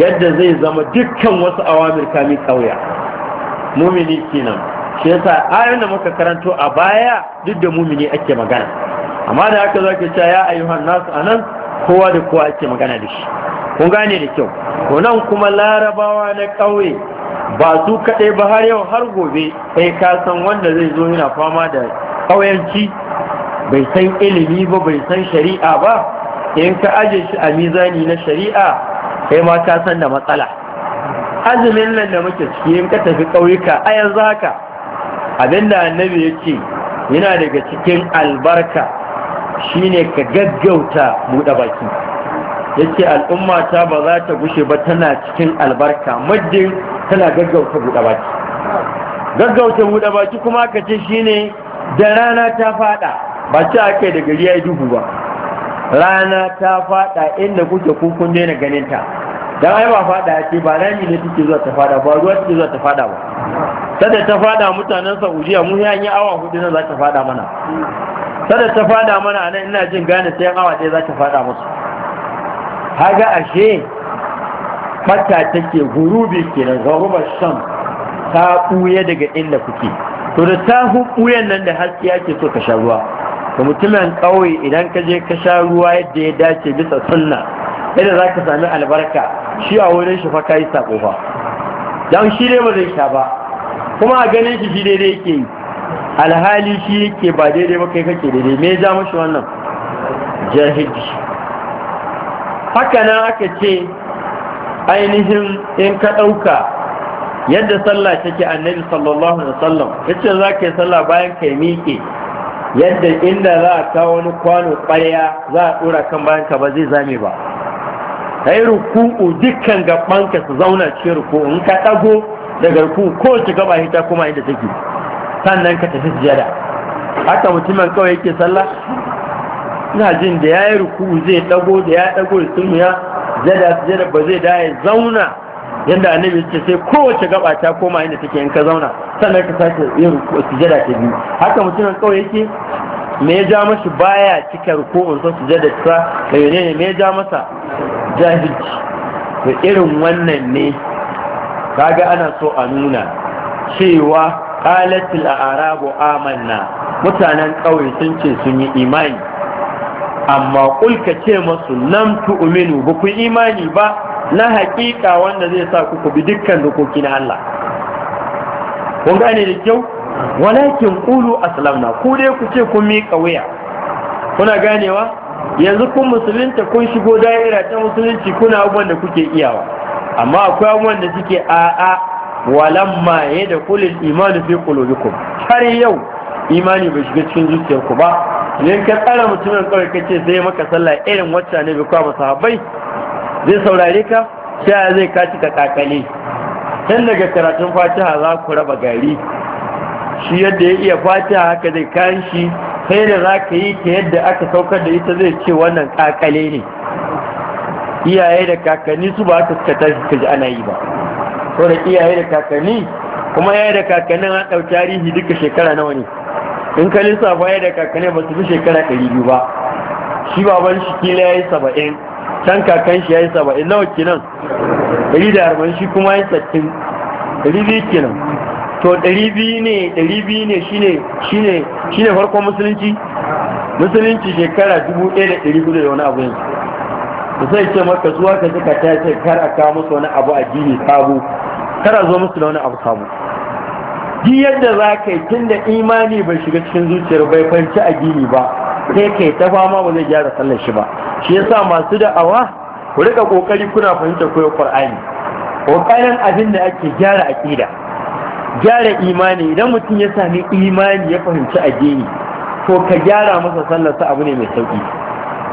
yadda zai zama dukkan wasu awamir kami kauya mumini kenan shi yasa ayoyin da muka karanto a baya duk da mumini ake magana amma da haka zaka ce ya ayyuhan nasu anan kowa da kowa ake magana da shi kun gane da kyau Ko nan kuma larabawa na kauye ba su kaɗai ba har yau har gobe kai ka san wanda zai zo yana fama da kauyanci bai san ilimi ba bai san shari'a ba in ka aje shi a mizani na shari'a kai ma ka san da matsala azumin nan da muke ciki in ka tafi ƙauyuka a yanzu haka abinda annabi ya ce yana daga cikin albarka shine ka gaggauta buɗe baki ya ce al'umma ta ba za ta gushe ba tana cikin albarka muddin tana gaggauta buɗe baki gaggauta buɗe baki kuma ka ce shine da rana ta faɗa ba ce a kai da gari ya yi duhu ba rana ta fada inda kuke kun daina ganin ta dan ai ba fada ce ba rami ne take zuwa ta fada ba ruwa take zuwa ta fada ba sada ta fada mutanen Saudiya mu ya yi awa hudu ne za ta fada mana sada ta fada mana nan ina jin gane sai awa ɗaya za ta fada musu haga ashe fata take gurubi kenan zarubar sham ta buye daga inda kuke to da ta buyen nan da haske ake so ka sha ruwa da mutumin ƙauye idan ka je ka sha ruwa yadda ya dace bisa sunna yadda za ka sami albarka shi a wurin shi fa ka yi sako fa don shi ne ba zai sha ba kuma a ganin shi shi daidai yake yi alhali shi yake ba daidai ba kai kake daidai me ja mashi wannan jahidi haka nan aka ce ainihin in ka ɗauka yadda sallah take annabi sallallahu alaihi wasallam yace za ka yi sallah bayan ka miƙe yadda inda za a kawo wani kwano ƙwarya za a ɗora kan bayan ka ba zai zame ba ka yi ruku'u dukkan gabanka su zauna ce ruku'u in ka ɗago daga ruku'u ko ci gaba hita kuma inda take sannan ka tafi sujada haka mutumin kawai yake sallah ina jin da ya yi ruku'u zai ɗago da ya ɗago da sun ya sujada ba zai da ya zauna Yadda annabi ya ce sai kowace gaba ta koma inda take in ka zauna sannan ka sake yin sujada ta biyu haka mutumin kawai yake me ya ja mashi baya cikar ko in so sujada ta da yone ne me ya ja masa jahilci da irin wannan ne kaga ana so a nuna cewa qalatil a'rabu amanna mutanen kauye sun ce sun yi imani amma kulka ce masu lam tu'minu ba ku imani ba na haƙiƙa wanda zai sa ku bi dukkan dokoki na Allah kun gane da kyau walakin qulu aslamna ku dai ku ce kun miƙa wuya kuna ganewa yanzu kun musulunta kun shigo da'ira ta musulunci kuna abubuwan da kuke iyawa amma akwai abubuwan da suke a'a walamma ya da kulin imanu fi qulubikum har yau imani bai shiga cikin zuciyarku ba idan ka tsara mutumin kawai kace sai maka sallah irin wacce ne bi kwa sahabbai zai saurare ka sai zai kaci ka kakale Tan daga karatun fatiha za ku raba gari shi yadda ya iya fatiha haka zai kayan shi sai da za ka yi ta yadda aka saukar da ita zai ce wannan kakale ne iyaye da kakanni su ba aka suka tashi ana yi ba so da iyaye da kakanni kuma yaya da kakanni an ɗau tarihi duka shekara nawa ne in ka lissafa yaya da kakanni ba su fi shekara ɗari biyu ba shi baban shi kila ya yi saba'in can kakan shi ya yi in nawa kinan ɗari da arba'in shi kuma ya yi sattin ɗari biyu kinan to ɗari biyu ne ɗari biyu ne shine shine shine farkon musulunci musulunci shekara dubu ɗaya da ɗari da wani abu yanzu da sai ce maka zuwa ka suka ta ce kar a kawo musu wani abu a jini sabo kar a zo musu da wani abu sabo duk yadda za ka yi tun da imani bai shiga cikin zuciyar bai fanci a gini ba sai kai ta fama ba zai gyara sallar shi ba shi yasa masu da'awa ku rika kokari kuna fahimta koyo qur'ani kokarin abin da ake gyara aqida gyara imani idan mutum ya sami imani ya fahimci addini to ka gyara masa sallar sa abu ne mai sauki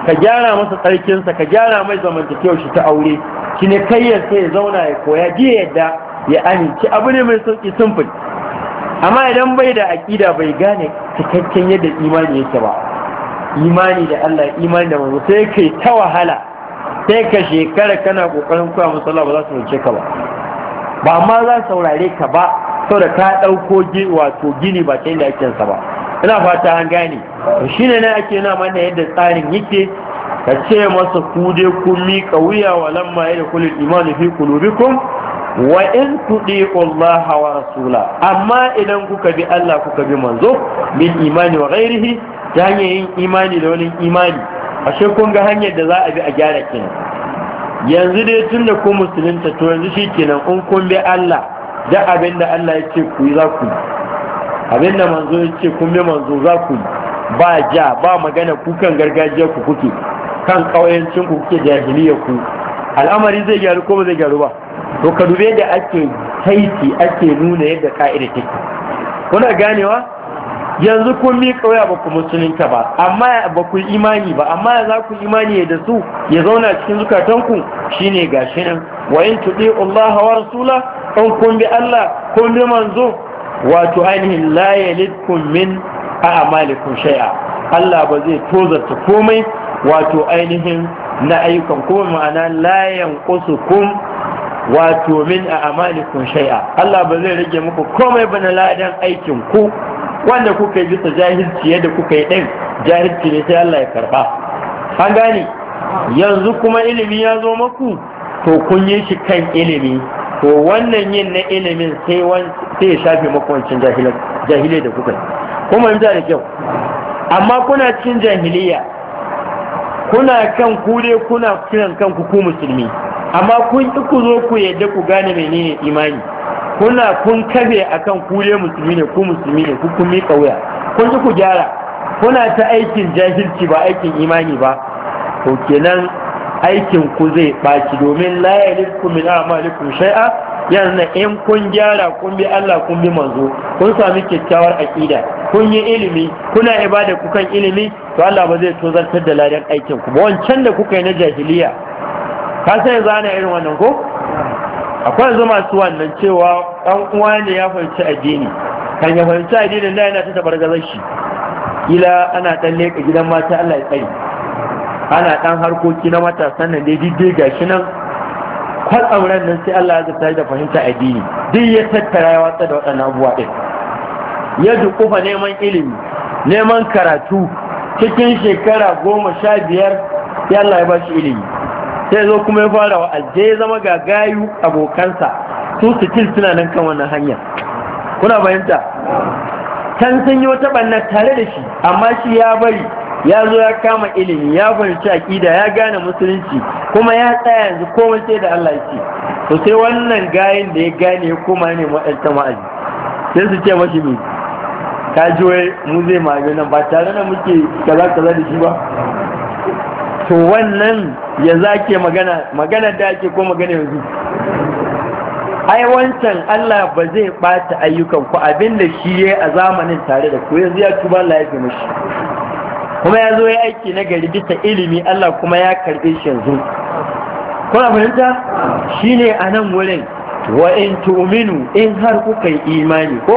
ka gyara masa tsarkin sa ka gyara mai zamantakewar shi ta aure shi ne kai ya sai zauna ya koya ji yadda ya aminci abu ne mai sauki simple amma idan bai da aqida bai gane cikakken yadda imani yake ba imani da Allah imani da manzo sai kai ta wahala sai ka shekara kana kokarin koya musu ba za su rike ka ba ba ma za su saurare ka ba saboda ka dauko wato gini ba ta inda ake sa ba ina fata an gane to shine ne ake na mana yadda tsarin yake ka ce masa ku dai kun miƙa wuya wa lamma da kullu imani fi qulubikum wa in Allah wa rasula amma idan kuka bi Allah kuka bi manzo min imani wa ghairihi ta hanyar yin imani da wani imani ashe kun ga hanyar da za a bi a gyara kenan yanzu dai tun da ku musulunta to yanzu shi kenan in kun bi Allah da abin da Allah ya ce ku za ku abin da manzo ya ce kun bi manzo za ku yi ba ja ba magana kukan gargajiya ku kuke kan ƙauyancin ku kuke jahiliya ku al'amari zai gyaru ko ba zai gyaru ba to ka dube da ake taiti ake nuna yadda ka'ida take kuna ganewa yanzu kun miƙa kauya ba ku musulunta ba amma ba ku imani ba amma za ku imani da su ya zauna cikin zukatanku shine gashi nan wa in tudi Allah wa rasula in kun bi Allah kun bi manzo wato ainihin la yalidkum min a'malikum shay'a Allah ba zai tozarta komai wato ainihin na ayyukan kuma ma'ana la yanqusukum wato min a shay'a shai'a Allah ba zai rage muku komai ba na ladan aikin ku wanda kuka yi bisa jahilci yadda kuka yi ɗin jahilci ne sai Allah ya karɓa an gane yanzu kuma ilimi ya zo maku to kun yi shi kan ilimi to wannan yin na ilimin sai ya shafe maku wancan jahilai da kuka kuma yanzu da kyau amma kuna cin jahiliya kuna kan kure kuna kiran kanku ku musulmi amma kun ku zo ku yadda ku gane menene imani kuna kun kabe akan ku ne musulmi ne ku musulmi ne ku kun mika wuya kun ji ku gyara kuna ta aikin jahilci ba aikin imani ba to kenan aikin ku zai baki domin la yalikum min a'malikum shay'a yanzu in kun gyara kun bi Allah kun bi manzo kun sami kyakkyawar akida kun yi ilimi kuna ibada ku kan ilimi to Allah ba zai tozartar da ladan aikin ku ba wancan da kuka yi na jahiliya ka sai zana irin wannan ko akwai yanzu masu wannan cewa ɗan uwa ne ya fahimci addini kan ya fahimci addinin da yana ta tabar gazar shi ila ana ɗan leƙa gidan mata Allah ya tsaye ana ɗan harkoki na matasan nan ya diddi ga shi nan kwal auren nan sai Allah ya zata da fahimta addini duk ya tattara ya watsa da waɗannan abubuwa ɗin ya dukufa neman ilimi neman karatu cikin shekara goma sha biyar sai Allah ya ba shi ilimi sai zo kuma ya fara wa alje ya zama ga gayu abokansa su sitil suna nan kan wannan hanya kuna bayanta can sun yi wata banna tare da shi amma shi ya bari ya zo ya kama ilimi ya fahimci akida ya gane musulunci kuma ya tsaya yanzu komai sai da Allah ya ce to sai wannan gayin da ya gane ya koma ne mu ta ma'aji sai su ce mashi ne ka ji wai mu zai ma'aji nan ba tare da muke kaza kaza da shi ba to wannan yanzu ake magana magana da ake ko magana yanzu ai wancan Allah ba zai ɓata ayyukan ku abinda shi yayi a zamanin tare da ku yanzu ya tuba Allah ya mashi kuma ya zo ya aiki na gari bisa ilimi Allah kuma ya karɓe shi yanzu kuna fahimta shine a nan wurin wa in tu'minu in har kuka yi imani ko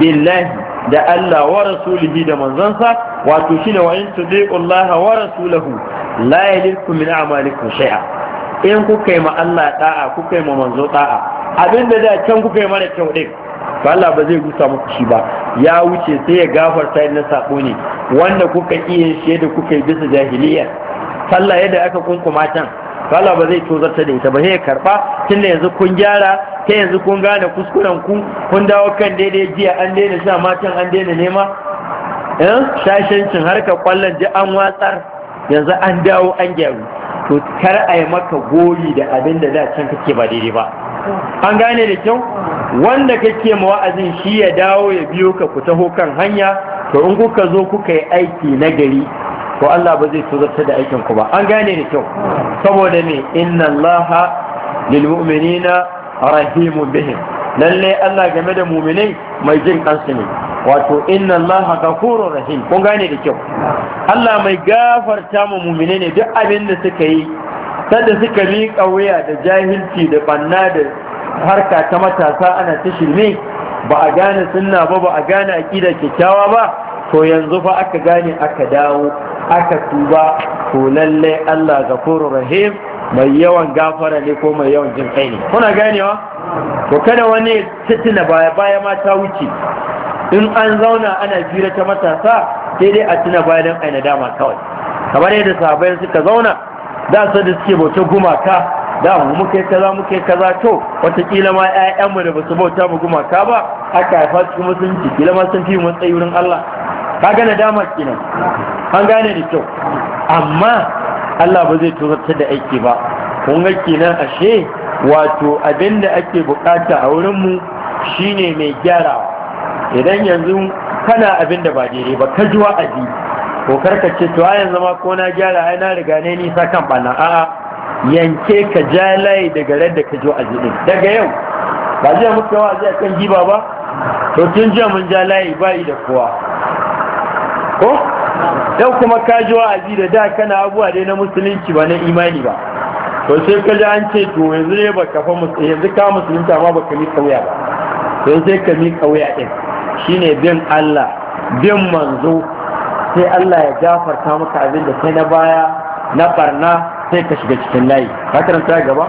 billahi da Allah wa rasulihi da manzansa wato shine wa in tudiqu Allah wa rasulahu la yalikum min a'malikum shay'a in kuka yi ma Allah da'a kuka yi ma manzo da'a abinda da can kuka yi mara kyau din ba Allah ba zai gusa muku shi ba ya wuce sai ya gafarta na sako ne wanda kuka iya shi da kuka yi bisa jahiliya sallah yadda aka kunkuma can Allah ba zai tozarta da ita ba sai ya karba tunda yanzu kun gyara ta yanzu kun gane kuskuren ku kun dawo kan daidai jiya an daina sha matan an daina nema eh? shashancin harkar kwallon ji an watsar yanzu an dawo an gyaru to kar a yi maka goyi da abin da za can kake ba daidai ba an gane da kyau wanda kake ma wa'azin shi ya dawo ya biyo ka ku taho kan hanya to in kuka zo kuka yi aiki na gari ko Allah ba zai tozarta da aikin ku ba an gane da kyau saboda me inna Allah lil mu'minina rahimun bihim lalle Allah game da muminai mai jin kansu ne wato inna Allah ghafurur rahim kun gane da kyau Allah mai gafarta mu muminai ne duk abin da suka yi sanda suka miƙa wuya da jahilci da banna da harka ta matasa ana ta shirme ba a gane sunna ba ba a gane aqida kyakkyawa ba to yanzu fa aka gane aka dawo aka tuba to lalle Allah ghafurur rahim mai yawan gafara ne ko mai yawan jin kai ne kuna ganewa ko kada wani tattuna baya baya ma ta wuce in an zauna ana jira ta matasa sai dai a tuna baya don aina dama kawai kamar yadda sahabbai suka zauna da su da suke bauta gumaka da mu muke kaza muke kaza to watakila ma mu da basu bauta mu gumaka ba aka haifa sun musulunci kila ma sun fi matsayi wurin Allah ka gane dama kenan an gane da kyau amma Allah ba zai tuzarta da aiki ba kun ga kenan ashe wato abin da ake bukata a wurinmu shine mai gyara idan yanzu kana abin da ba daidai ba ka ji wa'azi ko karka ce to yanzu ma ko na gyara ai na riga ne nisa kan bana a'a yanke ka ja layi daga ran da ka ji wa'azi din daga yau ba zai muka wa a kan giba ba to tun jiya mun ja layi ba da kowa ko yau kuma ka ji wa'azi da da kana abuwa dai na musulunci ba na imani ba to sai ka ji an ce to yanzu ne ba kafa musulunci yanzu ka musulunta ma ba ka mi kauya ba to sai ka mi kauya din shine bin Allah bin manzo sai Allah ya gafarta maka abin da kai na baya na barna sai ka shiga cikin layi ka karanta gaba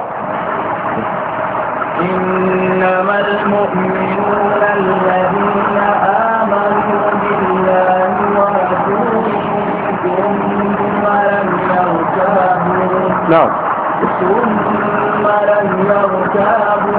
إنما المؤمنون الذين نعم ثم لم يرتابوا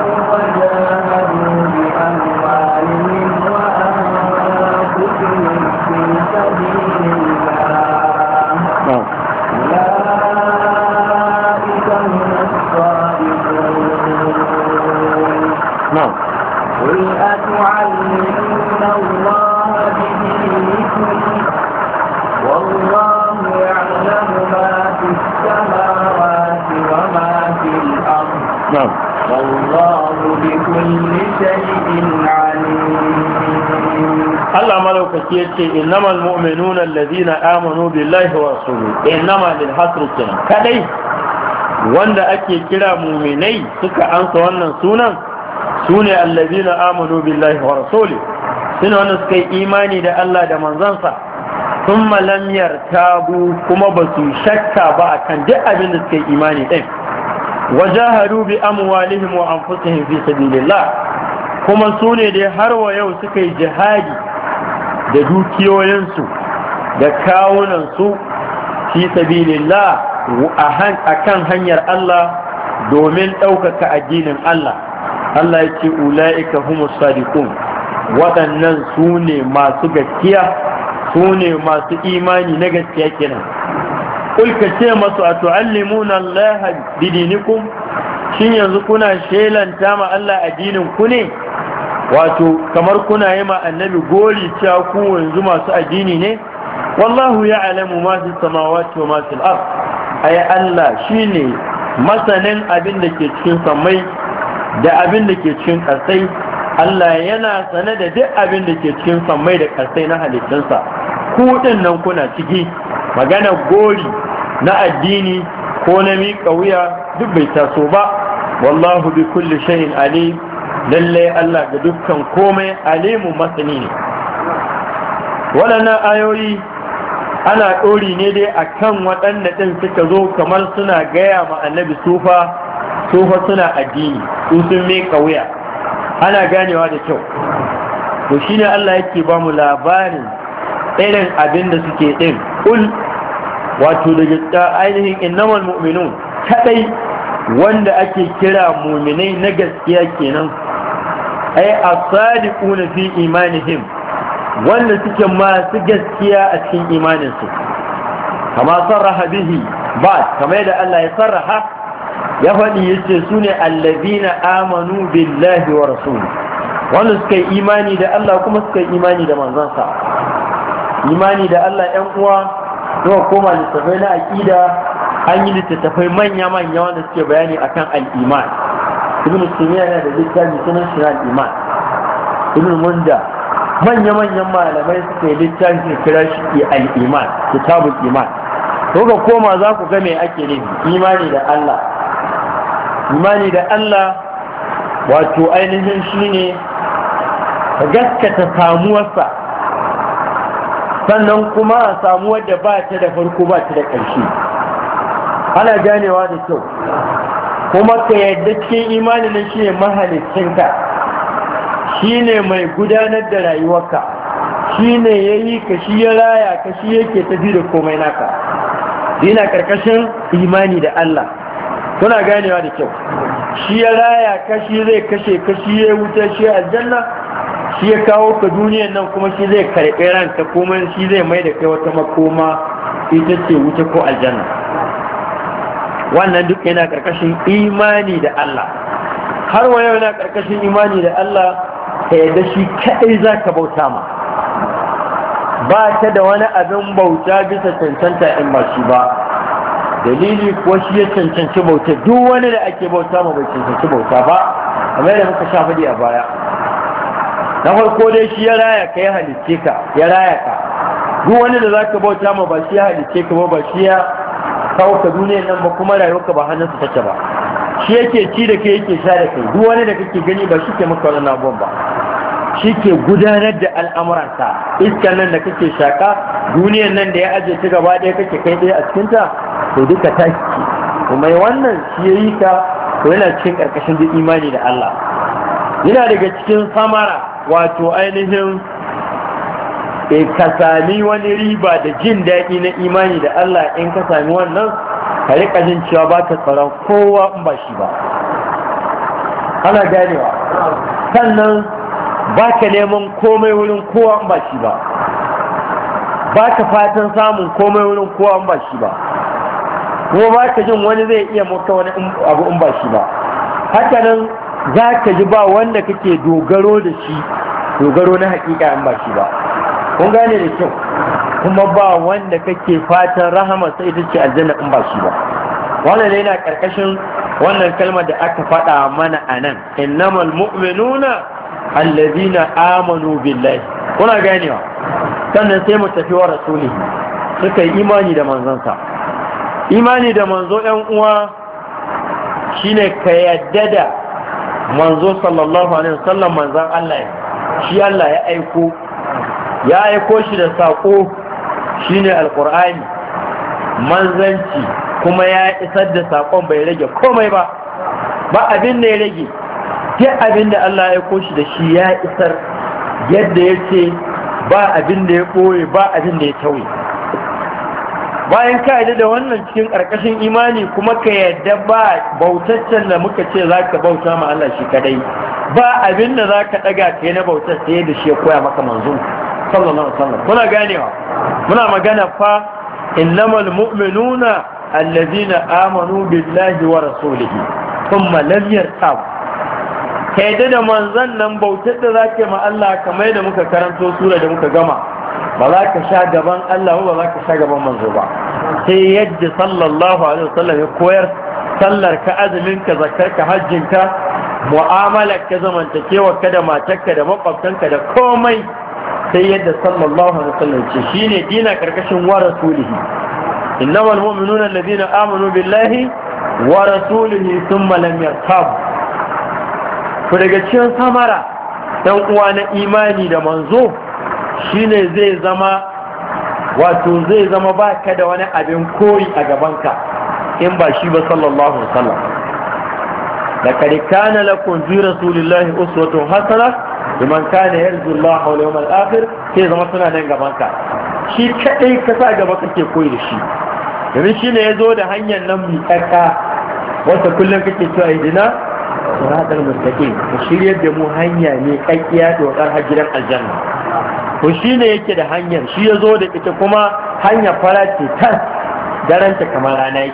نعم والله بكل شيء عليم الله ملوك يتي إنما المؤمنون الذين آمنوا بالله ورسوله إنما للحصر السنة كدي wanda ake kira muminai suka ansa wannan sunan su ne allazina amanu billahi wa rasuli suna wanda suka yi imani da Allah da manzansa sun malamiyar tabu kuma ba su shakka ba akan duk abin suka yi imani ɗin wajahadu bi amwalihim wa anfusihim fi sabilillah kuma su ne har wa yau suka yi jihadi da dukiyoyinsu da kawunansu fi sabilillah a kan hanyar Allah domin ɗaukaka addinin Allah Allah ya ce humus sadiqun waɗannan su ne masu gaskiya su ne masu imani na gaskiya kenan kulka ce masu a tu'allimuna Allah bidinikum shin yanzu kuna shelanta ma Allah addinin ku ne wato kamar kuna yi ma annabi goli cewa ku yanzu masu addini ne wallahu ya'lamu ma fi samawati wa ma fil ard ay Allah shine masanin abin da ke cikin samai da abin da ke cikin kasai Allah yana sane da duk abin da ke cikin samai da kasai na halittunsa ku din nan kuna ciki magana gori na addini ko na miƙa wuya duk bai taso ba wallahu bi kulli shay'in alim lalle Allah ga dukkan komai alimu masani ne waɗannan ayoyi ana ɗori ne dai akan waɗanda ɗin suka zo kamar suna gaya ma annabi sufa sufa suna addini su sun miƙa wuya ana ganewa da kyau to shine Allah yake ba mu labarin irin abin da suke ɗin kul wato daga ainihin innamal mu'minun kadai wanda ake kira muminai na gaskiya kenan ai as-sadiquna fi imanihim wanda suke masu gaskiya a cikin imaninsu kama sarraha bihi ba kamar yadda Allah ya sarraha ya faɗi yace su ne allazina amanu billahi wa rasuli wanda suka yi imani da Allah kuma suka yi imani da manzansa imani da Allah 'yan uwa zuwa koma littattafai na aƙida an yi littattafai manya-manya wanda suke bayani a kan al'iman ibn musulmi yana da littafi sunan shi al'iman ibn munda manya-manyan malamai suka yi littafi su kira shi al'iman kitabul iman to ga koma za ku ga me ake nufi imani da Allah imani da Allah wato ainihin shine gaskata samuwarsa sannan kuma a samu wadda ba ta da farko ba ta da ƙarshe ana ganewa da kyau kuma ka yadda cikin imani na shi ne mahalicinka shi ne mai gudanar da rayuwarka shi ne ya yi ka shi ya raya ka shi yake tafi da komai naka yana karkashin imani da Allah kuna ganewa da kyau shi ya raya ka shi zai kashe ka shi ya wuce shi aljanna shi ya kawo ka duniyan nan kuma shi zai karɓi ranta kuma shi zai mai da kai wata makoma ita ce wuce ko aljanna wannan duk yana karkashin imani da Allah har wa yau yana karkashin imani da Allah ka yadda shi kaɗai za ka bauta ma ba ta da wani abin bauta bisa cancanta in ba shi ba dalili kuwa shi ya cancanci bauta duk wani da ake bauta ma bai cancanci bauta ba kamar da muka sha faɗi a baya na farko dai shi ya raya ka ya halice ka ya raya ka duk wani da zaka bauta ma ba shi ya halice ka ba ba shi ya kawo ka duniya nan ba kuma ka ba hannun su take ba shi yake ci da kai yake sha da kai duk wani da kake gani ba shi ke maka wannan abun ba shi ke gudanar da al'amuranka iskan nan da kake shaka duniyar nan da ya aje ta gaba ɗaya kake kai ɗaya a cikinta to duka ta ce kuma wannan shi ya yi ka to yana cikin ƙarƙashin duk imani da Allah yana daga cikin samara wato ainihin e, ka sami wani riba da jin daɗi na imani da Allah in ka sami wannan ka riƙa jin cewa ba ka tsaron kowa in ba shi ba ana ganewa sannan ba ka neman komai wurin kowa in ba shi ba ba ka fatan samun komai wurin kowa in ba shi ba kuma ba ka jin wani zai iya maka wani abu in ba shi ba haka nan za ka ji ba wanda kake dogaro da shi dogaro na hakika in ba shi ba kun gane da kyau kuma ba wanda kake fatan rahama sai ita ce aljanna in ba shi ba wannan ne yana karkashin wannan kalmar da aka faɗa mana a nan innamal mu'minuna allazina amanu billahi kuna ganewa sannan sai mu tafi wa rasulihi suka yi imani da manzansa imani da manzo ɗan uwa shine ka yadda da manzo sallallahu alaihi wasallam manzan Allah ne shi Allah ya aiko ya aiko shi da sako shine alqur'ani manzanci kuma ya isar da sakon bai rage komai ba ba abin da ya rage duk abin da Allah ya aiko shi da shi ya isar yadda ya ce ba abin da ya ɓoye ba abin da ya tauye bayan ka yadda da wannan cikin ƙarƙashin imani kuma ka yadda ba bautaccen da muka ce za ka bauta ma Allah shi kadai ba abin da za ka ɗaga ka na bautar sai da shi ya koya maka manzo sallallahu alaihi wasallam kuna ganewa muna magana fa innamal mu'minuna allazina amanu billahi wa rasulihi thumma lam yartabu ka yadda da manzon nan bautar da zake ma Allah kamar da muka karanto sura da muka gama ba za ka sha gaban Allah ba za ka sha gaban manzo ba sai yadda sallallahu alaihi wasallam ya koyar sallar ka azumin ka zakar ka hajjin ka mu'amalar ka zamantakewa ka da matarka da ka da komai sai yadda sallallahu alaihi wasallam ce shine dina karkashin wa rasulihi innamal mu'minuna alladhina amanu billahi wa rasulihi thumma lam yartab ku daga cikin samara dan uwa na imani da manzo shine zai zama wato zai zama ba ka da wani abin koyi a gabanka in ba shi ba sallallahu alaihi wasallam laqad kana lakum fi rasulillahi uswatun hasana liman kana yarju Allah wal yawmal akhir sai zama suna nan gabanka shi kaɗai ka sa gaba kake koyi da shi domin shine yazo da hanyar nan mu tsaka wata kullum kake cewa idina siratal ka shirya da mu hanya ne kakkiya har hajjiran aljanna ko shi ne yake da hanyar shi ya zo da ita kuma hanyar fara ce ta garanta kamar rana yi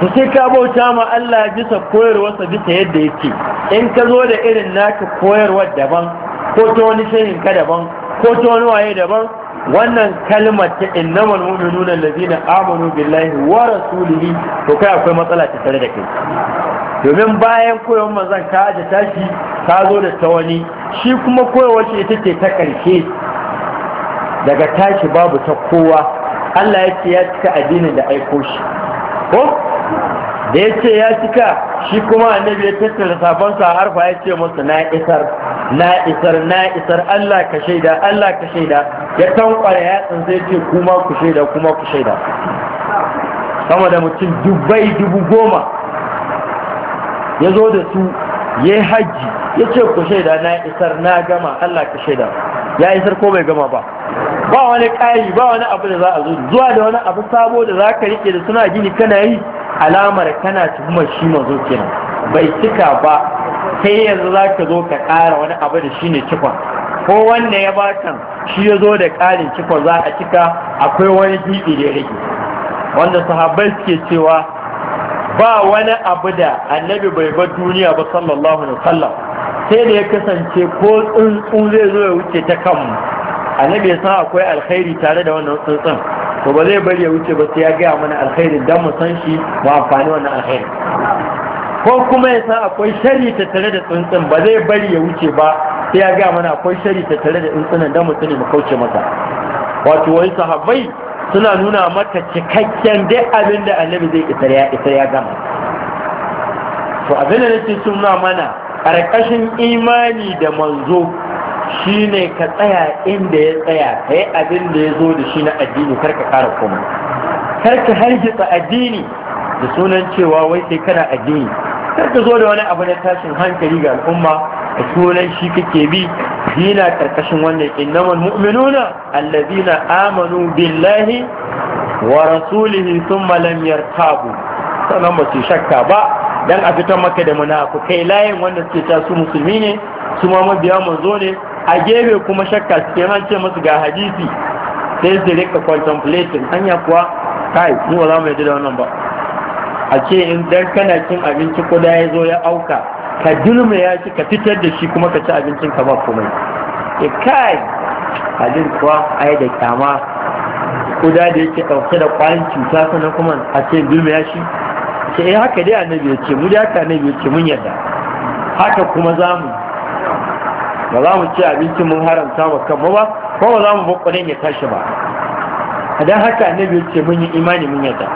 su sai ka bauta ma Allah bisa koyarwarsa bisa yadda yake in ka zo da irin naka koyarwa daban ko ta wani shirin ka daban ko ta wani waye daban wannan kalmar ta innamal mu'minuna allazina amanu billahi wa rasulihi to kai akwai matsala ta tare da kai domin bayan koyon manzon ka aje tashi ka zo da ta wani shi kuma koyarwar shi ita ce ta karshe daga tashi babu ta kowa Allah ya ce ya cika addinin da aiko shi ko da ya ce ya cika shi kuma annabi ya tattara sabonsa harfa ya ce masa, na isar na isar na isar Allah ka shaida Allah ka shaida ya tankwara ya tsantsai ce kuma ku shaida kuma ku shaida sama da mutum dubbai dubu goma ya zo da su ya yi hajji ya ce ku shaida na isar na gama Allah ka shaida ya isar ko bai gama ba ba wani ƙari ba wani abu da za a zo zuwa da wani abu sabo da za ka rike da suna gini kana yi alamar kana tuhumar shi manzo kenan bai cika ba sai yanzu za ka zo ka ƙara wani abu da shi ne cikon ko wanda ya bakan shi ya zo da ƙarin cikon za a cika akwai wani gibi da ya rage wanda sahabbai suke cewa ba wani abu da annabi bai bar duniya ba sallallahu alaihi wasallam sai da ya kasance ko tsuntsu zai zo ya wuce ta kanmu annabi ya san akwai alkhairi tare da wannan tsuntsun to ba zai bari ya wuce ba sai ya gaya mana alkhairin dan mu san shi mu amfani wannan alkhairi. ko kuma ya san akwai shari ta tare da tsuntsun ba zai bari ya wuce ba sai ya gaya mana akwai shari ta tare da tsuntsunan dan mu sani mu kauce masa wato wai sahabbai suna nuna maka cikakken dai abin da annabi zai isar ya isar ya gama to abin da nake suna mana karkashin imani da manzo shi ne ka tsaya inda ya tsaya ka yi abin da ya zo da shi na addini karka kara kuma ka hargitsa addini da sunan cewa wai sai kana addini karka zo da wani abu na tashin hankali ga al'umma a sunan shi kake bi dina karkashin wannan innamal mu'minuna allazina amanu billahi wa rasulihi thumma lam yartabu sanan ba su shakka ba dan a fitar maka da munafukai layin wanda suke ta su musulmi ne su ma mabiya manzo ne a gebe kuma shakka suke an ce musu ga hadisi sai su rika contemplating hanya kuwa kai ni ba za mu yi da wannan ba a ce in dan kana cin abinci ko da ya zo ya auka ka dulma ya ci ka fitar da shi kuma ka ci abincin ka ba komai e kai hadin kuwa ai da kyama kuda da yake ɗauke da kwayan cuta sannan kuma a ce dulma ya shi ce eh haka dai annabi ya ce mu da haka annabi ya ce mun yarda haka kuma za mu ba za mu ci abinci mun haramta wa kanmu ba ko ba za mu bakwalen ya tashi ba A don haka annabi ce mun yi imani mun yadda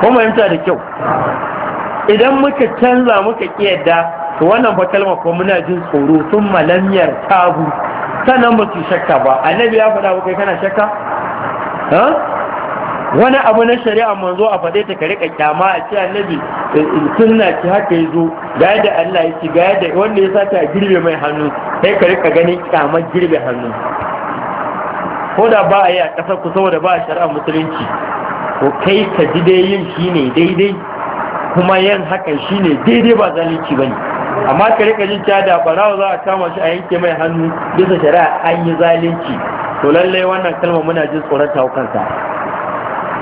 ko mu yanta da kyau idan muka canza muka yarda, to wannan fa kalma ko muna jin tsoro sun malamiyar tabu sannan ba su shakka ba annabi ya faɗa ba kai kana shakka wani abu na shari'a mun zo a faɗe ta kare kyama a ce annabi eh, eh, sunna ki haka ya zo ga yadda Allah ya ci ga yadda wanda ya sata girbe mai hannu sai ka rika ganin kyamar girbe hannu ko da ba a yi a ƙasar ku saboda ba a shari'a musulunci ko kai ka ji dai yin shi ne daidai kuma yin hakan shi ne daidai ba zalunci ba ne amma ka rika jin cewa da barawa za a kama shi a yanke mai hannu bisa shari'a an yi zalunci to lallai wannan kalmar muna jin tsoron ta kansa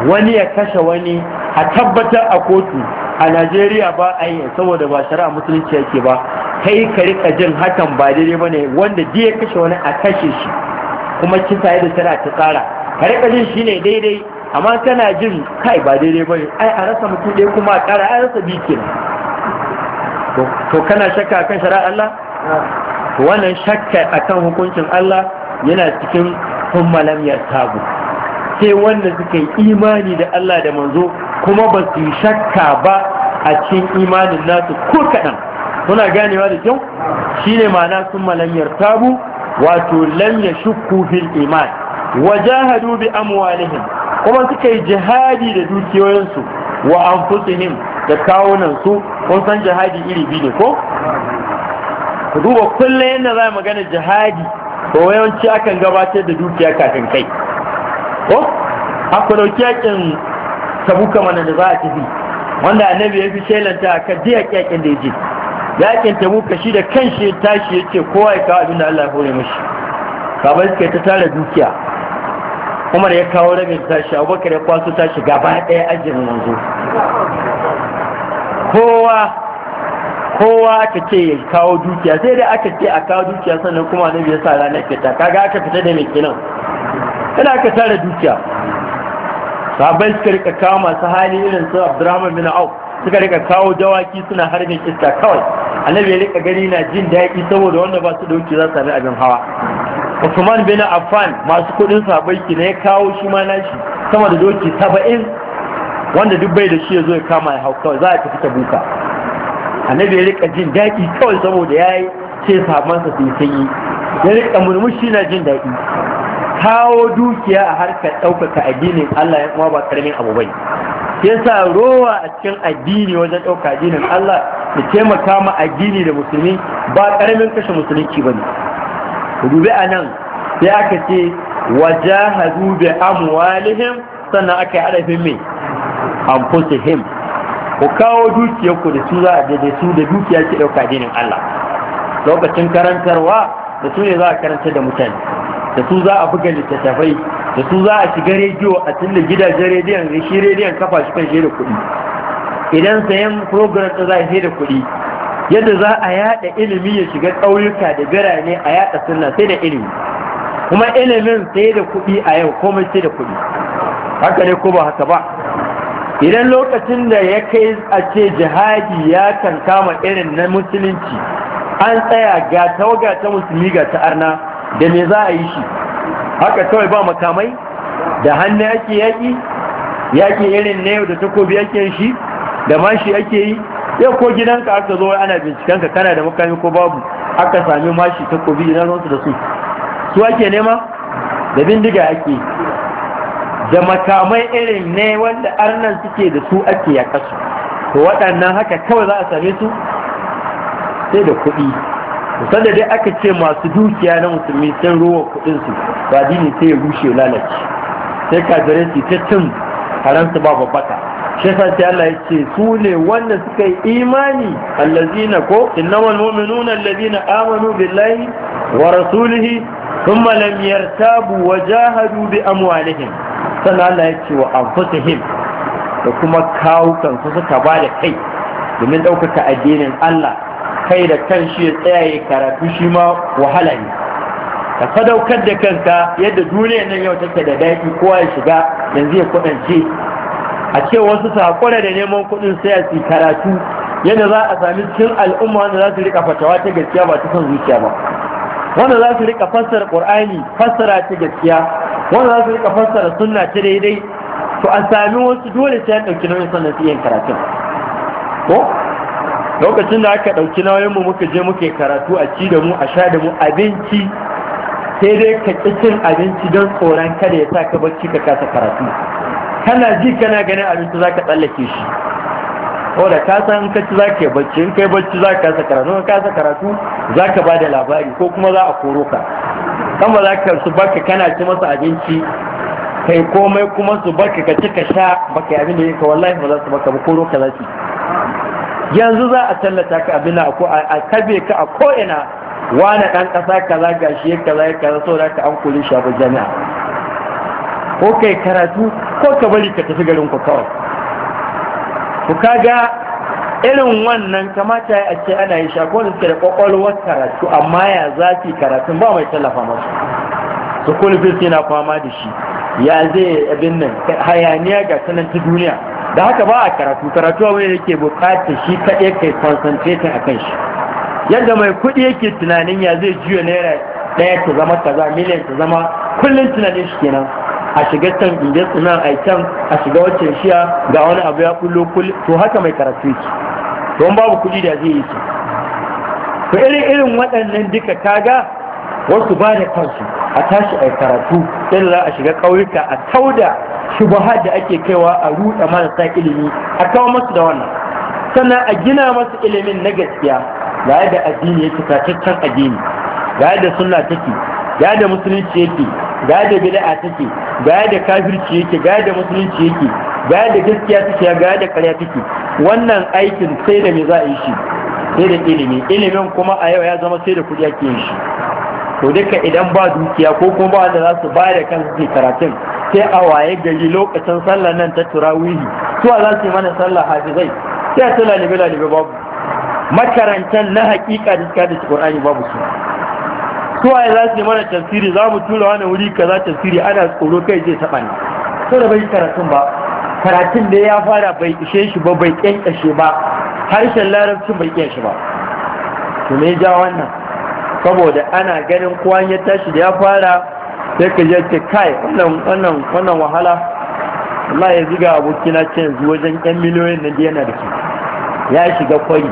wani ya kashe wani a tabbatar a kotu a najeriya ba a yi saboda ba shari'a musulunci yake ba kai ka rika jin hakan ba daidai ba ne wanda jiya ya kashe wani a kashe shi kuma kisa yadda tana ta tsara ka rika jin shi ne daidai amma kana jin kai ba daidai ba ne ai a rasa mutum ɗaya kuma a ƙara a rasa biki ne to kana shakka kan shari'a Allah wannan shakka akan hukuncin Allah yana cikin kun lam ya sai wanda suka yi imani da Allah da manzo kuma ba su shakka ba a cikin imanin nasu ko kaɗan kuna ganewa da kyau shine ma'ana sun malamiyar tabu wato lam yashukku fil iman wajahadu bi amwalihim kuma suka yi jihadi da dukiyoyinsu wa anfusihim da kawunan su kun san jihadi iri biyu ne ko ku duba kullum yadda za magana jihadi ko yawanci akan gabatar da dukiya kafin kai ko a ku dauki yakin tabuka mana da za a tafi wanda annabi ya fi shelanta ka diya yakin da yaje yakin tabuka shi da kanshi ya tashi ya ce kowa ya kawo abin da Allah ya hore mashi sabai suka ta tara dukiya umar ya kawo rabin tashi abubakar ya kwaso tashi gaba ɗaya ajin manzo kowa kowa aka ce ya kawo dukiya sai dai aka ce a kawo dukiya sannan kuma annabi ya sa ranar fita kaga aka fita da mai kinan yana aka tara dukiya sabai suka rika kawo masu hali irin su abdurrahman bin au suka rika kawo dawaki suna harbin iska kawai annabi ya rika gani na jin daɗi saboda wanda ba su dauki za su sami abin hawa usman bin Afan masu kuɗin sabai ki ne ya kawo shi ma nashi sama da doki saba'in wanda duk bai da shi ya zo ya kama ya hau kawai za a tafi ta buka annabi ya rika jin daɗi kawai saboda ya yi ce sabansa sai sanyi ya rika murmushi na jin daɗi kawo dukiya a harkar ɗaukaka addinin Allah ya kuma ba karamin abu bai yasa rowa a cikin addini wajen ɗauka addinin Allah da taimaka ma addini da musulmi ba karamin kashe musulunci ba ne? Rube a nan sai aka ce wajahadu bi amwalihim sannan aka yi arafin mai anfusihim ku kawo dukiyarku da su za a su da dukiya ke ɗauka addinin Allah lokacin karantarwa da su ne za a karanta da mutane da su za a buga littattafai da su za a shiga rediyo a tunda gidajen rediyon shi rediyon kafa shi kan shaida kuɗi idan sayan program da za a shaida kuɗi yadda za a yada ilimi ya shiga ƙauyuka da birane a yada sunna sai da ilimi kuma ilimin sai da kuɗi a yau komai sai da kuɗi haka ne ko ba haka ba idan lokacin da ya kai a ce jihadi ya kankama irin na musulunci an tsaya ga tawaga ta musulmi ga ta arna da me za a yi shi haka kawai ba makamai da hannu ake yaƙi yaƙi irin na yau da takobi ake shi da mashi ake yi yau ko gidanka aka zo ana bincikanka kana da makami ko babu aka sami mashi takobi ina zonsu da su su ake nema da bindiga ake da makamai irin ne wanda arnan suke da su ake yaƙa su to waɗannan haka kawai za a same su sai da kuɗi sanda dai aka ce masu dukiya na musulmi sun ruwa kudin su ba dini sai ya rushe lalace sai kafirai su ta cin haransu ba babbaka shi yasa sai Allah ya ce su ne wanda suka yi imani allazina ko innamal mu'minuna allazina amanu billahi wa rasulihi thumma lam yartabu wa jahadu bi amwalihim sannan Allah ya ce wa anfusihim da kuma kawo kansu suka ba da kai domin ɗaukaka addinin Allah kai da kan shi ya tsaya ya karatu shi ma wahala ne ka sadaukar da kanka yadda duniya nan yau take da daɗi kowa ya shiga yanzu ya kudance a ce wasu su haƙura da neman kuɗin sai a su karatu yadda za a sami cikin al'umma wanda za su rika fatawa ta gaskiya ba ta son zuciya ba wanda za su rika fassara ƙur'ani, fassara ta gaskiya wanda za su rika fassara sunna ta daidai to a sami wasu dole sai an ɗauki nauyin sannan su iya karatun ko lokacin da aka ɗauki nauyinmu muka je muke karatu a ci da mu a sha da mu abinci sai dai ka ƙi cin abinci don tsoron kada ya sa ka bacci ka kasa karatu kana ji kana ganin abinci za ka tsallake shi da ka san ka ci za ka yi bacci in kai bacci za ka kasa karatu in kasa karatu za ka ba da labari ko kuma za a koro ka kan ba za ka su baka kana ci masa abinci kai komai kuma su baka ka ci ka sha baka yi abin da ya ka wallahi ba za su baka ba koro ka za su yanzu za a tallata ka abin a kabe ka a ko'ina wani ɗan ƙasa kaza shi ya kaza ya kaza sau da ka an kuli shafi jami'a ko kai karatu ko ka bari ka tafi garin ku kawai ku kaga irin wannan kamata a ce ana yi shakon su da kwakwalwar karatu amma ya zafi karatun ba mai tallafa masu su kulfin yana fama da shi ya zai abin nan hayaniya ga sanan ta duniya da haka ba a karatu karatu a wani yake bukata shi kaɗe kai concentration a kan shi yadda mai kuɗi yake tunanin ya zai juya naira ɗaya ta zama kaza miliyan ta zama kullum tunanin shi kenan a shiga can inda suna a can a shiga wacce shiya ga wani abu ya kullo to haka mai karatu yake don babu kuɗi da zai yi su to irin irin waɗannan duka kaga wasu ba da kansu a tashi a karatu yadda za a shiga ƙauyuka a tauda shubuhat da ake kaiwa a ruɗa marasa ilimi a kawo masu da wannan sannan a gina masu ilimin na gaskiya ga yadda addini ya cika cikin addini ga yadda sunna take ga yadda musulunci yake ga yadda bid'a take ga yadda kafirci yake ga yadda musulunci yake ga yadda gaskiya take ga yadda ƙarya take wannan aikin sai da me za a yi shi sai da ilimi ilimin kuma a yau ya zama sai da kuɗi ake yin shi to duka idan ba dukiya ko kuma ba wanda za su bayar da kansu ke karatun sai a waye gari lokacin sallah nan ta turawihi suwa za su yi mana sallah hafizai sai a tula bila ne babu makarantar na hakika da suka da qur'ani babu su suwa za su yi mana tafsiri za mu tura wani wuri kaza tafsiri ana tsoro kai zai taɓa ni to da bai karatun ba karatun da ya fara bai ishe shi ba bai kyankashe ba harshen larabcin bai kyankashe ba to me ja wannan saboda ana ganin kowa ya tashi da ya fara sai ka je ce kai wannan wannan wannan wahala Allah ya ziga abokina ce yanzu wajen yan miliyoyin nan yana da su ya shiga kwari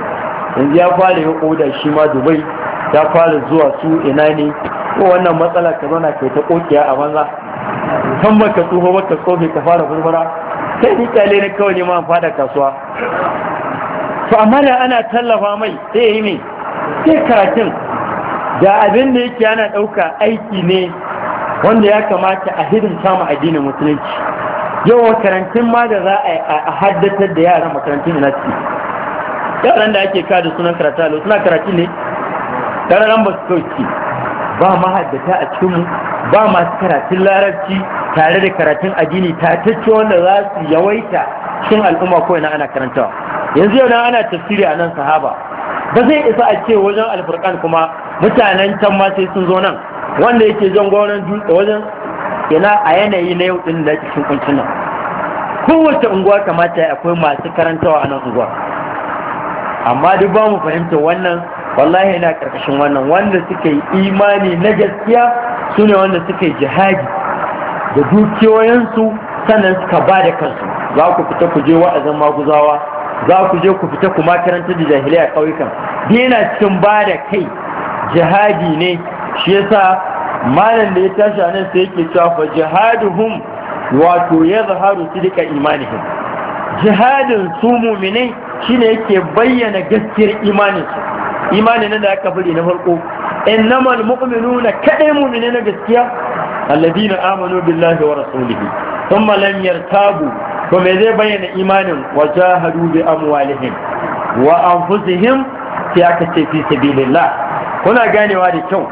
yanzu ya fara yi oda shi ma dubai ya fara zuwa su ina ne ko wannan matsala ka zauna kai ta kokiya a banza kan baka tsoho baka tsofe ka fara burbura sai ni kyale ne kawai ne ma fada kasuwa to amma da ana tallafa mai sai yi mai sai karatun da abin da yake ana ɗauka aiki ne wanda ya kamata a hidimta mu addinin musulunci yau makarantun ma da za a haddatar da yaran makarantun university yaran da ake kada sunan karatu suna karatu ne yaran ba su kauci ba haddata a cikinmu ba masu karatun larabci tare da karatun addini ta tacce wanda za su yawaita cikin al'umma ko ina ana karantawa yanzu yau ana tafsiri a nan sahaba ba zai isa a ce wajen alfurkan kuma mutanen can ma sai sun zo nan wanda yake zan gonan dutse wajen yana a yanayi na yau din da cikin kuncin nan kowace unguwa kamata akwai masu karantawa a nan unguwa amma duk ba mu fahimta wannan wallahi yana karkashin wannan wanda suka yi imani na gaskiya su ne wanda suka yi jihadi da dukiyoyinsu sannan suka ba da kansu za ku fita ku je wa'azin maguzawa za ku je ku fita ku makarantar da jahiliya ƙauyukan duk cikin ba da kai jihadi ne shi yasa malam da ya tashi a nan sai yake cewa fa jihaduhum wato ya zaharu sidika imanihim jihadin su muminai shine yake bayyana gaskiyar imanin su imanin da aka fari na farko innamal mu'minuna kadai muminai na gaskiya alladina amanu billahi wa rasulihi thumma lam yartabu to me zai bayyana imanin wajahadu jahadu bi amwalihim wa anfusihim sai aka ce fi sabilillah kuna ganewa da kyau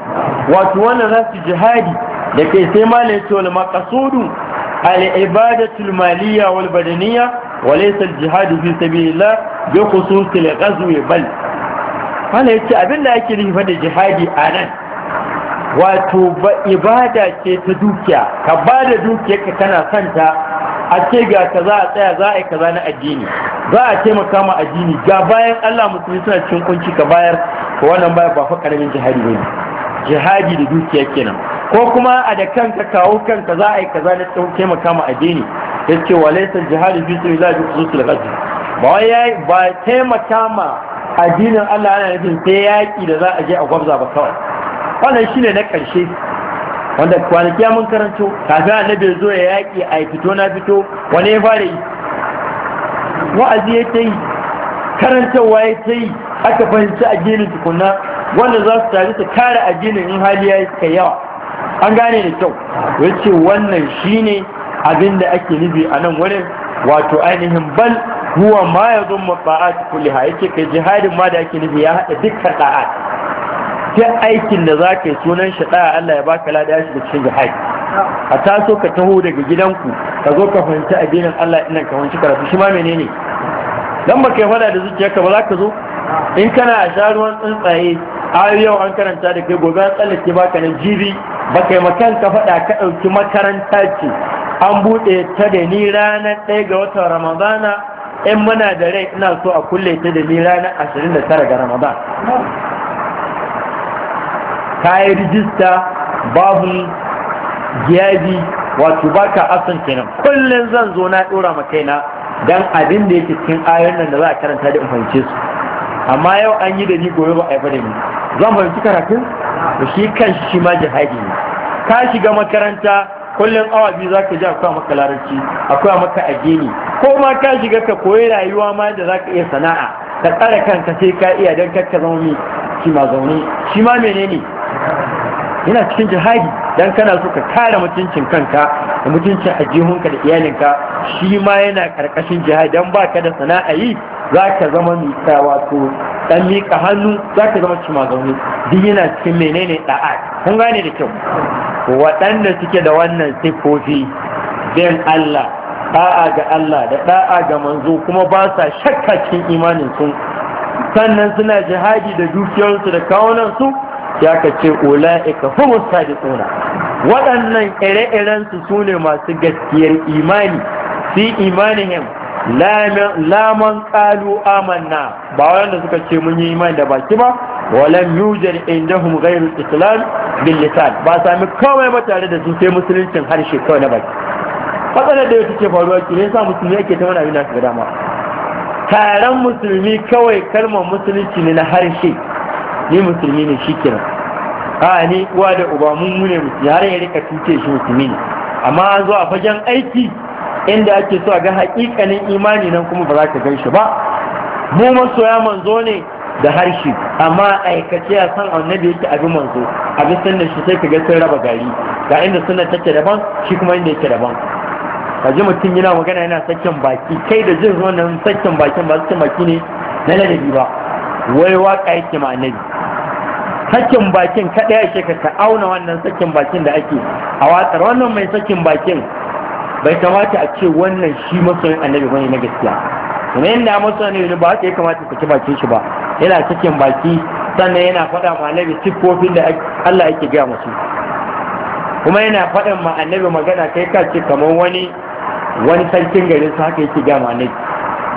wato wannan za su jihadi da ke sai malam ce wal maqasudu al ibadatul maliyya wal badaniyya wa laysa al jihadu fi sabilillah bi khusus al bal. bal ya ce abinda ake nufi da jihadi a nan wato ibada ce ta dukiya ka ba da dukiyarka kana santa a ce ga ka za a tsaya za a yi kaza na addini za a taimaka ma addini ga bayan Allah musulmi suna cikin kunci ka bayar to wannan baya ba fa karamin jihadi ne jihadi da dukiya kenan ko kuma a da kanka kawo kanka za a yi kaza na tsawon taimaka ma addini ya ce wa jihadi fi su bi khususul ghazw ba wai yayi ba taimaka ma addinin Allah yana nufin sai yaki da za a je a gwabza ba kawai wannan shine na karshe wanda kwanaki mun karanto kafin annabi zo ya yaki a fito na fito wani ya fara yi wa'azi ya ta karantarwa ya ta yi aka fahimci addinin tukuna wanda za su tare su kare addinin in hali ya yi suka yawa an gane da kyau ya ce wannan shine abin da ake nufi a nan wurin wato ainihin bal huwa ma ya zo ta kulliha ya ce kai jihadin ma da ake nufi ya haɗa dukkan ɗa'a ta aikin da za ka yi sunan shi ɗaya Allah ya baka lada shi da cikin jihadi a taso ka taho daga gidanku ka zo ka fahimci addinin Allah ina ka fahimci karatu shi ma menene dan ba kai fada da ka ba za ka zo in kana a sha ruwan tsuntsaye a yau an karanta da kai gobe an tsallake baka na jibi ba kai makan ka fada ka ɗauki makaranta ce an buɗe ta da ni ranar ɗaya ga watan ramadana in muna da rai ina so a kulle ta da ni ranar ashirin da tara ga ramadan ka yi rijista babu giyabi wato baka asan kenan kullum zan zo na ɗora ma kaina dan abin da yake cikin ayoyin nan da za a karanta da in fahimce su amma yau an yi da ni gobe ba a yi da ni zan fahimci karatun da shi kan shi ma jihadi ne ka shiga makaranta kullum awa biyu za ka ji akwai maka larabci akwai maka addini ko ma ka shiga ka koyi rayuwa ma da za ka iya sana'a ka tsara kanka sai ka iya don kakka zama mai shi ma zaune shi ma menene yana cikin jihadi dan kana so ka kare mutuncin kanka da a ajihunka da iyalinka shi ma yana karkashin jihar dan ba ka da sana'a yi za ka zama mika wato dan mika hannu za ka zama cima zaune duk yana cikin menene da'a kun gane da kyau waɗanda suke da wannan siffofi bin Allah da'a ga Allah da da'a ga manzo kuma ba sa shakka cikin imanin su sannan suna jihadi da dukiyarsu da kawunan su ya ka ce ula'ika humus sadiquna waɗannan ire-iren su sune masu gaskiyar imani fi imanihim laman ƙalu amanna ba wanda suka ce mun yi imani da baki ba walam yujad indahum ghayru islam bil lisan ba sami kawai ba tare da sun sai musuluncin harshe kawai na baki matsalar da yake faruwa ki ne sa musulmi yake ta wani abin da dama taron musulmi kawai kalmar musulunci ne na harshe ni musulmi ne shi kira a ni uwa da uba mun mune musulmi har ya rika tuce shi musulmi ne amma an zo a fagen aiki inda ake so a ga hakikanin imani nan kuma ba za ka gan shi ba mu masoya manzo ne da harshe amma aikace a san annabi yake abin manzo abin sunna shi sai ka ga sun raba gari ga inda suna take daban shi kuma inda yake daban ka ji mutum yana magana yana sakin baki kai da jin wannan sakin bakin ba sakin baki ne na ladabi ba wai waka yake ma sakin bakin kaɗai ake ka auna wannan sakin bakin da ake a watsar wannan mai sakin bakin bai kamata a ce wannan shi masoyin annabi bane na gaskiya kuma ya masoyin annabi ba haka ya kamata saki bakin shi ba yana sakin baki sannan yana faɗa ma annabi siffofin da Allah yake gaya musu kuma yana faɗin ma annabi magana kai ka ce kamar wani wani sarkin garin su haka yake gaya ma annabi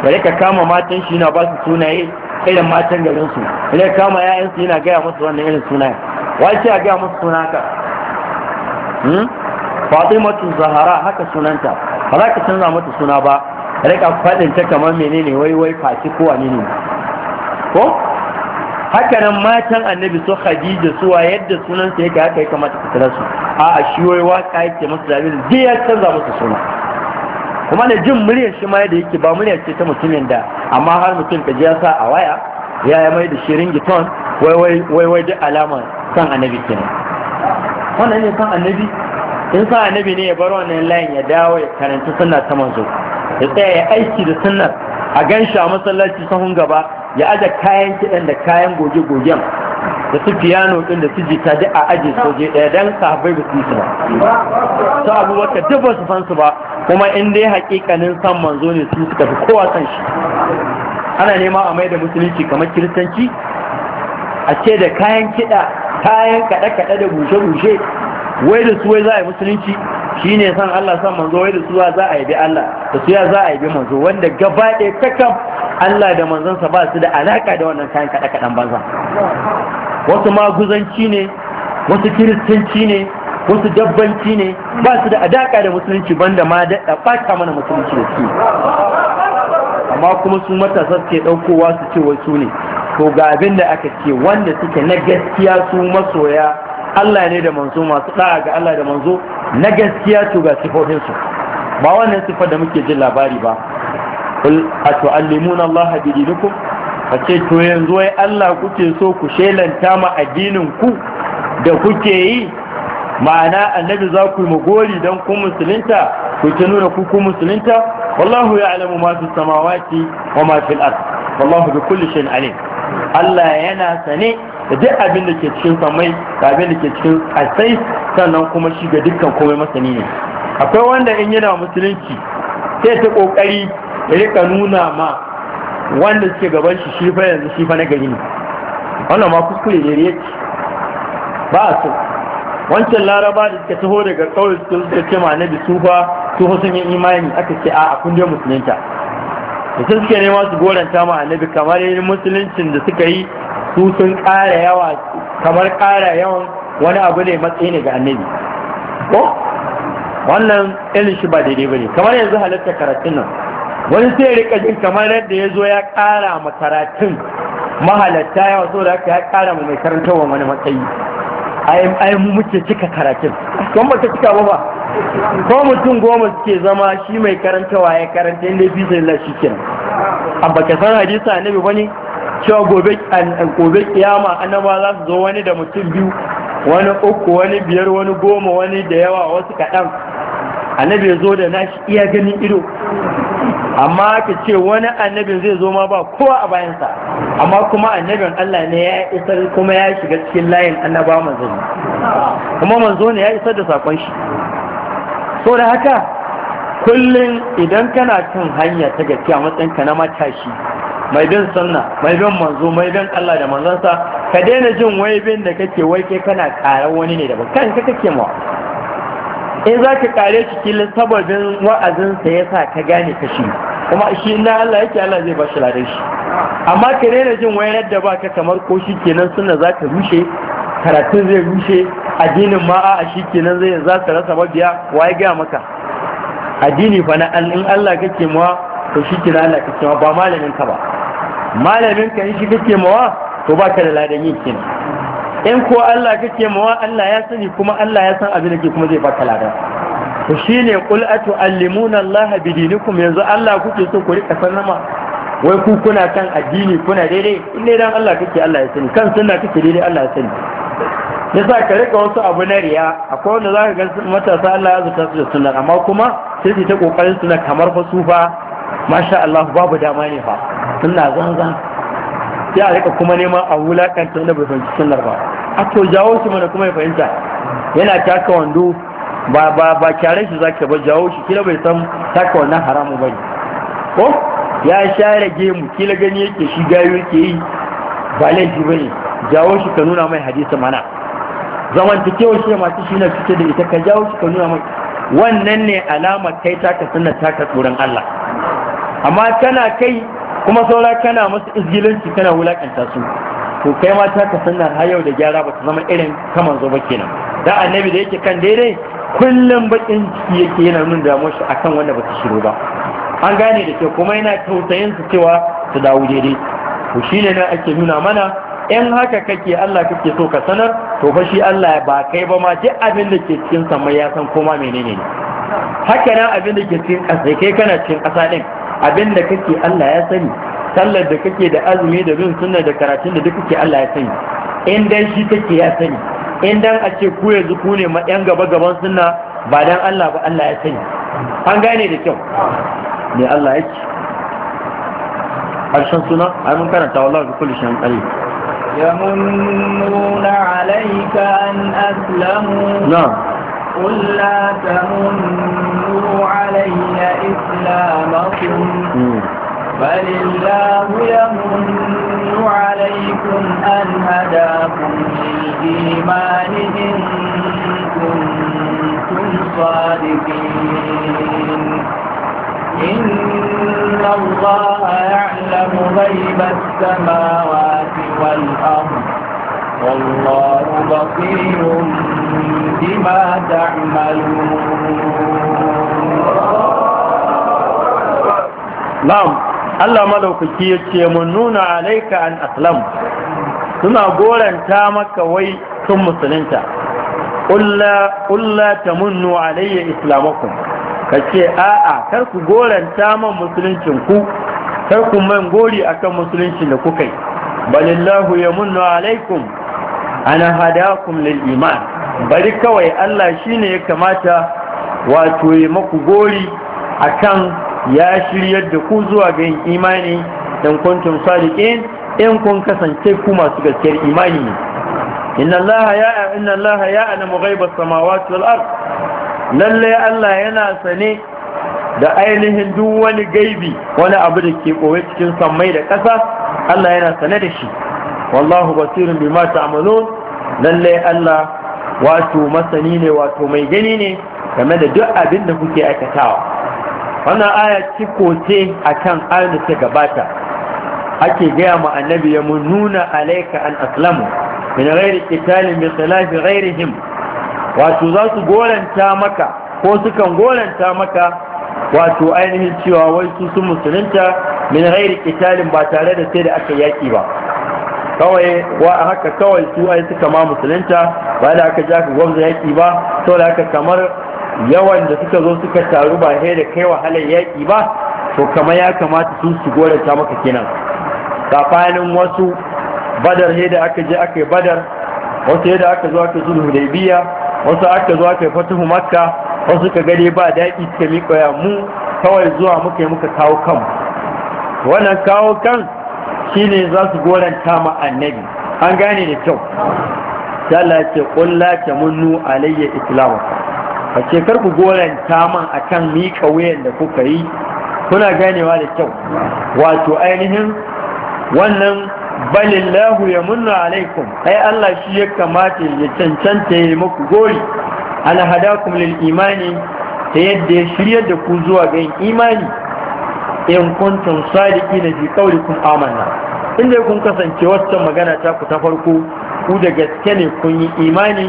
bare ka kama matan shi na ba su sunaye irin matan garin su ne kama yayan su yana gaya musu wannan irin suna wace a gaya musu suna ka hmm? fatimatu zahara haka sunanta ba za ka canza mata suna ba rika faɗin ta kamar menene wai wai faci ko ko haka nan matan annabi su khadija suwa yadda sunansa yake haka ya kamata ka su a a shi wai waka yake masu zabi zai ya canza musu suna kuma da jin muryar shi ma da yake ba muryar ce ta mutumin da amma har mutum ka ya sa a waya ya yi mai da shi ringiton wai wai duk alamar san annabi nan wannan ne san annabi in san annabi ne ya bar wannan layin ya dawo ya karanta sunna ta manzo ya tsaya ya aiki da sunna a gan shi a masallaci sahun gaba ya aje kayan kiɗan da kayan goge-gogen da su fiyano ɗin da su jita duk a aji soje ɗaya don sahabbai ba su yi su ba su abubakar duk ba su fansu ba kuma in dai hakikanin san manzo ne su suka fi kowa san shi ana nema a mai da musulunci kamar kiristanci a ce da kayan kiɗa kayan kaɗe-kaɗe da bushe-bushe wai da su wai za a yi musulunci shi ne san Allah san manzo wai da su za a yi bi Allah da su ya za a yi bi manzo wanda gaba ɗaya kakam Allah da manzansa ba su da alaƙa da wannan kayan kaɗe-kaɗen banza wasu maguzanci ne wasu kiristanci ne wasu dabbanci ne ba su da adaka da musulunci banda ma da ɓata mana musulunci da su amma kuma su matasa suke ɗaukowa su ce wasu ne to ga abin da aka ce wanda suke na gaskiya su masoya Allah ne da manzo masu ɗa'a ga Allah da manzo na gaskiya to ga sifofinsu ba wannan sifar da muke jin labari ba kul atu'allimuna Allah bi dinikum ce to yanzu wai Allah kuke so ku shelanta ma addinin ku da kuke yi ma'ana annabi za ku yi magori don ku musulunta ku ta nuna ku ku musulunta wallahu ya alamu masu samawati wa masu al'ad wallahu bi kulli shayin alim Allah yana sane da duk abin da ke cikin samai da abin da ke cikin asai sannan kuma shi ga dukkan komai masani ne akwai wanda in yana musulunci sai ta kokari ya rika nuna ma wanda suke gaban shi shi fa yanzu shi fa na gari ne wannan ma kuskure ne ya ce ba so wancan laraba da suka taho daga kawai suka suka ce ma na su fa su sun yin imani aka ce a a kundin musulunta da sun suke nema su goranta ma annabi kamar yin musuluncin da suka yi su sun kara yawa kamar kara yawan wani abu ne matsayi ne ga annabi ko wannan irin shi ba daidai ba ne kamar yanzu halatta karatun nan wani sai rika jin kamar yadda ya zo ya ƙara ma karatun mahalatta yawa so da ya ƙara ma mai karantarwa wani matsayi ayi mu muke cika karatun kuma ba ta cika ba ba ko mutum goma suke zama shi mai karantawa ya karanta inda bi sai lashi kenan abba baka san hadisa annabi bane cewa gobe gobe kiyama annaba za su zo wani da mutum biyu wani uku wani biyar wani goma wani da yawa wasu kaɗan annabi ya zo da nashi iya ganin ido amma ka ce wani annabin zai zo ma ba kowa a bayansa amma kuma annabin Allah ne ya isar kuma ya shiga cikin layin annaba manzo ne kuma manzo ne ya isar da sakon shi so da haka kullum idan kana kan hanya ta gaskiya matsayin ka na matashi mai bin sunna mai bin manzo mai bin Allah da manzansa ka daina jin waibin da kake wai kai kana karar wani ne daban kanka kake mawa in za ka kare shi kilin sababin wa'azinsa ya sa ka gane ka shi kuma shi na Allah yake Allah zai ba shi ladan shi amma ka daina jin wayar da baka kamar ko shi kenan suna za ta rushe karatun zai rushe addinin ma a shi kenan zai za ta rasa mabiya waye ga maka addini fa na in Allah kake mawa to shi kenan Allah kake mawa ba malamin ka ba malamin ka in shi kake mawa to baka da ladan yin kenan in ko Allah kake mawa Allah ya sani kuma Allah ya san abin da ke kuma zai baka ladan to shine qul atu'allimuna Allah bidinikum yanzu Allah kuke so ku rika sanama wai ku kuna kan addini kuna daidai in ne dan Allah kake Allah ya sani kan sunna kake daidai Allah ya sani yasa ka rika wasu abu na riya akwai wanda zaka ga matasa Allah ya zuta su da sunna amma kuma sai su ta kokarin suna kamar fa su fa masha Allah babu dama ne fa sunna zanzan sai a rika kuma neman a wulakanta wanda bai fahimci sunnar ba a to jawo shi mana kuma ya fahimta yana taka wando ba ba ba kyare shi zaka ba jawo shi kila bai san taka wannan haramu bane ko ya share gemu kila gani yake shi gayo yake yi ba laifi bane jawo shi ka nuna mai hadisi mana zamantakewar shi masu shi na fice da ita ka jawo shi ka nuna mai wannan ne alama kai taka sunnar taka tsoron Allah amma kana kai kuma saura kana musu izgilinci kana wulakanta su to kai ma ta ka sanar har yau da gyara ba ta zama irin kaman zo ba kenan da annabi da yake kan daidai kullum bakin ciki yake yana nuna damuwar shi akan wanda ba ta shiro ba an gane da ke kuma yana tausayin su cewa su dawo daidai to shine nan ake nuna mana in haka kake Allah kake so ka sanar to fa shi Allah ba kai ba ma duk abin da ke cikin sama ya san koma menene ne haka nan abin da ke cikin ƙasa kai kana cikin ƙasa din abin da kake Allah ya sani sallar da kake da azumi da bin sunna da karatun da duk kake Allah ya sani in dan shi kake ya sani in dan a ce ku yanzu ku ne ma yan gaba gaban sunna ba dan Allah ba Allah ya sani an gane da kyau ne Allah ya ce harshen suna ai mun karanta wallahi kullu shan qalil yamununa alayka an aslamu na'am قل لا تمنوا علي إسلامكم بل الله يمن عليكم أن هداكم للإيمان إن كنتم صادقين إن الله يعلم غيب السماوات والأرض والله بصير بما تعملون نعم Allah madaukaki ya ce mun nuna alaika an aslam suna goranta maka wai sun musulunta ƙulla ta munnu alayya islamakun ka ce a'a kar ku goranta man musuluncin ku kar ku man gori akan musuluncin da kuka yi balillahu ya munnu alaikum ana hadakum lil iman bari kawai Allah shine ya kamata wato ya maku gori akan ya shiryar da ku zuwa ga imani dan kuntum sadiqin in kun kasance ku masu gaskiyar imani ne inna Allah ya inna Allah ya samawati wal ard lalle Allah yana sane da ainihin duk wani gaibi wani abu da ke koyi cikin sammai da ƙasa Allah yana sane da shi wallahu basirun mata ta'malun lalle Allah wato masani ne wato mai gani ne game da duk abin da kuke aikatawa wannan aya ciko a kan ayar da ta gabata ake gaya ma annabi ya mun nuna alaika an aslamu min ghairi qitalin bi khilafi ghairihim wato za su goranta maka ko sukan goranta maka wato ainihin cewa wai su sun musulunta min ghairi qitalin ba tare da sai da aka yaki ba kawai wa a haka kawai su ai suka ma musulunta ba da aka ja ka gwamza yaki ba saboda haka kamar yawan da suka zo suka taru ba da kai wahalar yaki ba to kamar ya kamata su su ta maka kenan tsakanin wasu badar da aka je aka yi badar wasu da aka zo aka zuru hudaybiya wasu aka zo aka yi fatuhu makka wasu suka gare ba daƙi suka miƙa mu kawai zuwa muka yi muka kawo kan wannan kawo kan ne za su goranta ma annabi an gane da kyau Allah ce kulla ta munnu alayya islamu a ce ku goranta man kan miƙa wuyan da kuka yi kuna ganewa da kyau wato ainihin wannan balillahu ya munnu alaikum ai Allah shi ya kamata ya cancanta ya maku gori ana hadakum lil imani ta yadda ya shirya da ku zuwa ga imani in kuntum sadiqina fi qawlikum amanna inda kun kasance waccan magana ta ku ta farko ku da gaske ne kun yi imani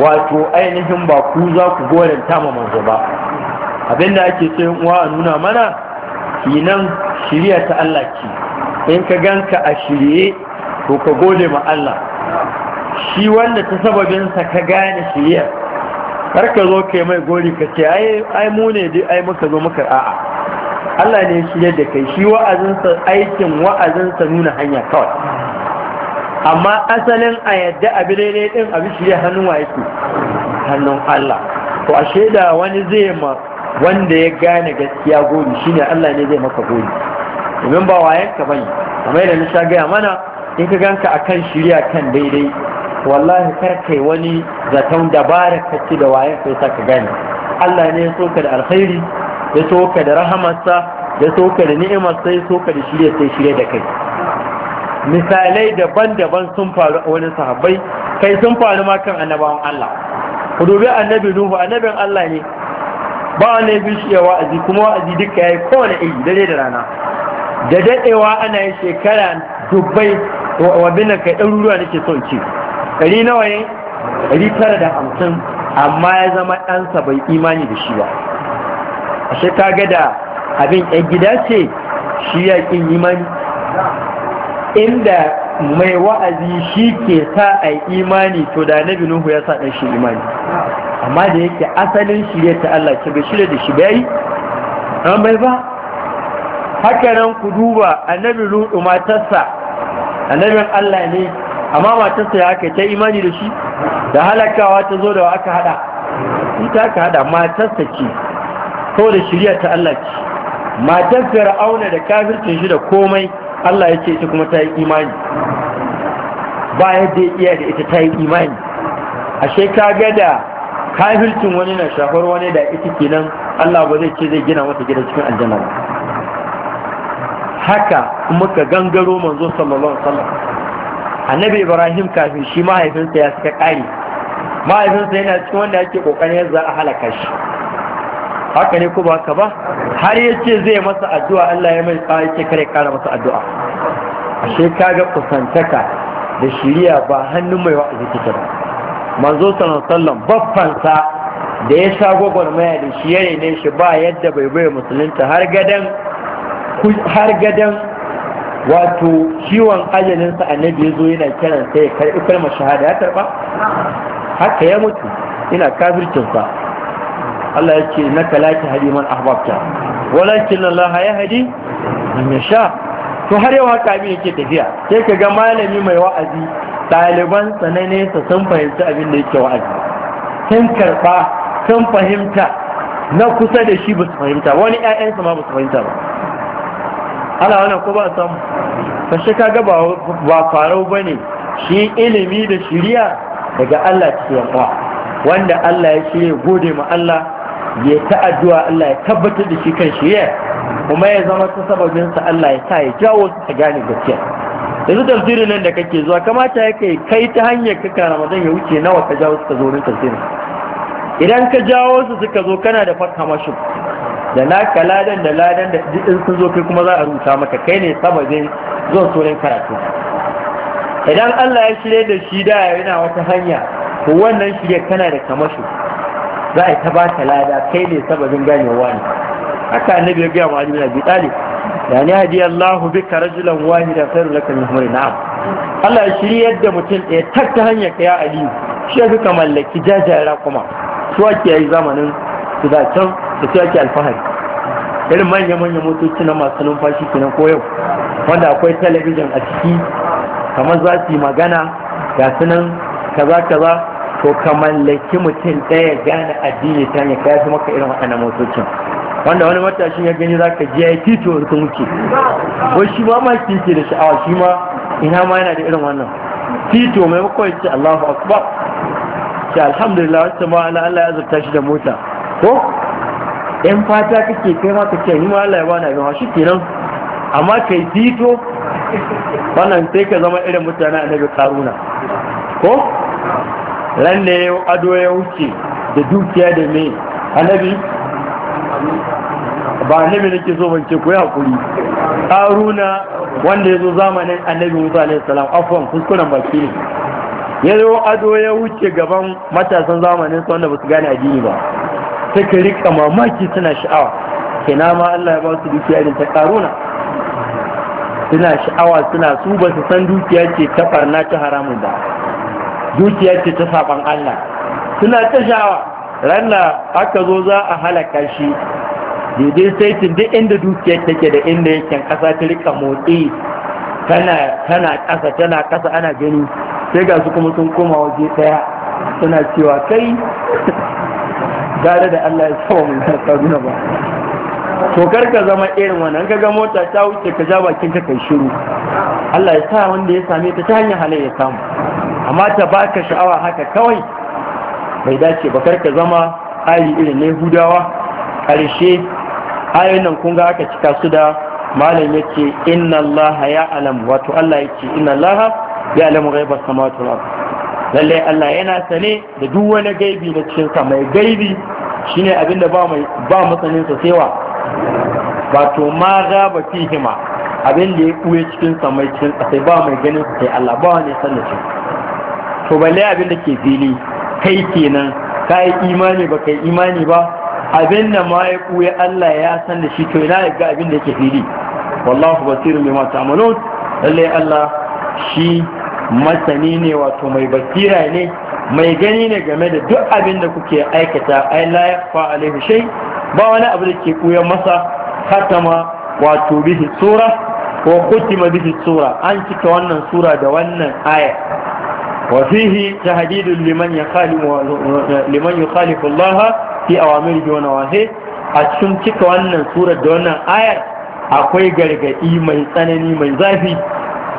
wato ainihin ba ku za ku ta ma manzo ba abinda ake so in uwa a nuna mana kinan shiriya ta Allah ce in ka ganka a shirye to ka gode ma Allah shi wanda ta sa ka gane shiriyar kar ka zo kai mai gori ka ce ai mu ne dai ai muka zo muka a'a Allah ne shi da kai shi wa'azinsa aikin wa'azinsa nuna hanya kawai amma asalin a yadda abin daidai din abin shi hannun wa yake hannun Allah to ashe da wani zai ma wanda ya gane gaskiya gori shine Allah ne zai maka gori domin ba wayan ka bane kamar da na sha gaya mana in ka ganka akan shirya kan daidai wallahi kar kai wani zaton dabara kace da wayan sai ka gane Allah ne ya soka da alkhairi ya soka da rahamarsa ya soka da ni'imarsa ya soka da shirya sai shirya da kai misalai daban-daban sun faru a wani sahabbai kai sun faru ma kan annabawan Allah ku dubi annabi Nuhu annabin Allah ne ba wanda ya shi shi wa'azi kuma wa'azi duka yayi kowane iri dare da rana da dadewa ana yin shekara dubbai wa binna kai ɗaruruwa nake son ce ɗari nawa ne ɗari tara da hamsin amma ya zama ɗansa bai imani da shi ba ashe kaga da abin yan gida ce shi ya yi imani inda mai wa'azi shi ke sa a imani to da nabi nuhu ya sa ɗan shi imani amma da yake asalin shirya ta Allah ce bai shirya da shi bai an bai ba haka nan ku duba annabi rudu matarsa annabin Allah ne amma matarsa ya aka ta imani da shi da halakawa ta zo da aka hada ita aka hada matarsa ce da shirya ta Allah ce matar fir'auna da kafircin shi da komai Allah ya ce ita kuma ta yi imani ba yadda iya da ita ta yi imani ashe ka ga da kafircin wani na shafar wani da ita kenan Allah ba zai ce zai gina mata gida cikin aljanna ba haka muka gangaro manzo sallallahu alaihi wasallam annabi ibrahim kafin shi mahaifinsa ya suka kare mahaifinsa yana cikin wanda yake kokarin za a halaka shi haka ne ko ba haka ba har yace zai masa addu'a Allah ya mai tsaya ce kare kara masa addu'a ashe ga kusantaka da shiriya ba hannun mai wa'azi take ba manzo sallallahu baffan sa da ya sha gwagwarmaya da shi yare ne shi ba yadda bai bai musulunta har gadan har gadan wato ciwon ajalinsa annabi ya zo yana kiran sai ya karɓi kalmar shahada ya karɓa haka ya mutu ina kafircinsa Allah ya ce na kalaki hadi man ahbabta walakin Allah ya hadi man yasha to har yau haka abin yake tafiya sai ka ga malami mai wa'azi sanane sa na nesa sun abin da yake wa'azi sun karɓa sun fahimta na kusa da shi ba su fahimta wani sa ma ba su fahimta ba ala wannan ko ba san fa ka ga ba farau ba ne shi ilimi da shiriya daga Allah cikin wa wanda Allah ya ce gode ma Allah ya ta addu'a Allah ya tabbatar da shi kan shi ya kuma ya zama ta sababin sa Allah ya sa ya jawo su ta gane gaskiya yanzu tafsirin nan da kake zuwa kamata ya kai kai ta hanyar ka Ramadan ya wuce nawa ka jawo su ka zo wurin tafsirin idan ka jawo su suka zo kana da fakka mashu da naka ladan da ladan da in sun zo kai kuma za a rubuta maka kai ne sababin zuwa sunan karatu idan Allah ya shirye da shi da yana wata hanya to wannan shirye kana da kamashi za a ta ba ta lada kai ne sababin ganewa ne haka annabi ya gaya wa Ali bin Abi Talib yani hadi Allahu bika rajulan wahida sai laka min humri na'am Allah ya shiryar yadda mutum ɗaya tak ta hanyar ka ya Ali shi ya ka mallaki jajara kuma su ake yi zamanin su da can da su ake alfahari irin manya manya motoci na masu numfashi kenan ko yau wanda akwai talabijin a ciki kamar za su yi magana ga sunan kaza kaza to ka mallaki mutum ɗaya gane addini ta ne ka fi maka irin waɗannan motocin wanda wani matashin ya gani zaka je ya da ka wuce ko shi ma ma ke da sha'awa shi ma ina ma yana da irin wannan tito mai makon ce Allahu akbar ce alhamdulillah wacce ma ala Allah ya zarta shi da mota ko yan fata kake kai ma ce ni ma Allah ya bani abin shi kenan amma kai tito wannan sai ka zama irin mutane annabi karuna ko ran da ya ado ya wuce da dukiya da me annabi ba annabi nake so bance ce ku yi hakuri haruna wanda ya zo zamanin annabi musa alaihi salam afwan kuskuren baki ne ya zo ado ya wuce gaban matasan zamanin su wanda ba su gane addini ba suka rika mamaki suna sha'awa kina ma Allah ya ba su dukiya irin ta karuna suna sha'awa suna su ba su san dukiya ce ta barna ta haramun ba dukiya ce ta saban Allah suna ta shawa ranna aka zo za a halaka shi daidai saitin duk inda dukiyar take da inda yake kasa ta rika motsi tana tana kasa tana kasa ana gani sai ga su kuma sun koma waje daya suna cewa kai gare da Allah ya saba mun karuna ba to karka zama irin wannan ka ga mota ta wuce ka ja bakin ka kai shiru Allah ya sa wanda ya same ta ta hanyar halai ya samu amma ta baka sha'awa haka kawai bai dace ba karka zama hali irin na Yahudawa karshe ayoyin nan kun ga aka cika su da malam yace inna Allah ya alam wato Allah yace inna Allah ya alamu ghaiba samawati wal ardh lalle Allah yana sane da duk wani gaibi na cikin sa mai gaibi shine abinda ba mai ba masanin sa sewa wato ma za ba fi hima abin da ya ɓuye cikin samai cikin ƙasai ba mai ganin sai Allah ba wani san da shi to balle abin da ke fili kai kenan ka yi imani ba kai imani ba abin da ma ya ɓuye Allah ya san da shi to ina ya ga abin da yake fili wallahu mai mata ta'malun lalle Allah shi masani ne wato mai basira ne mai gani ne game da duk abin da kuke aikata ai la yaqfa alaihi shay ba wani abu da ke koyan masa katama wato bihi sura ko kutima bihi sura an cika wannan sura da wannan aya wa ta tahdidun liman yakhalifu liman Allah fi a cikin cika wannan sura da wannan ayar akwai gargadi mai tsanani mai zafi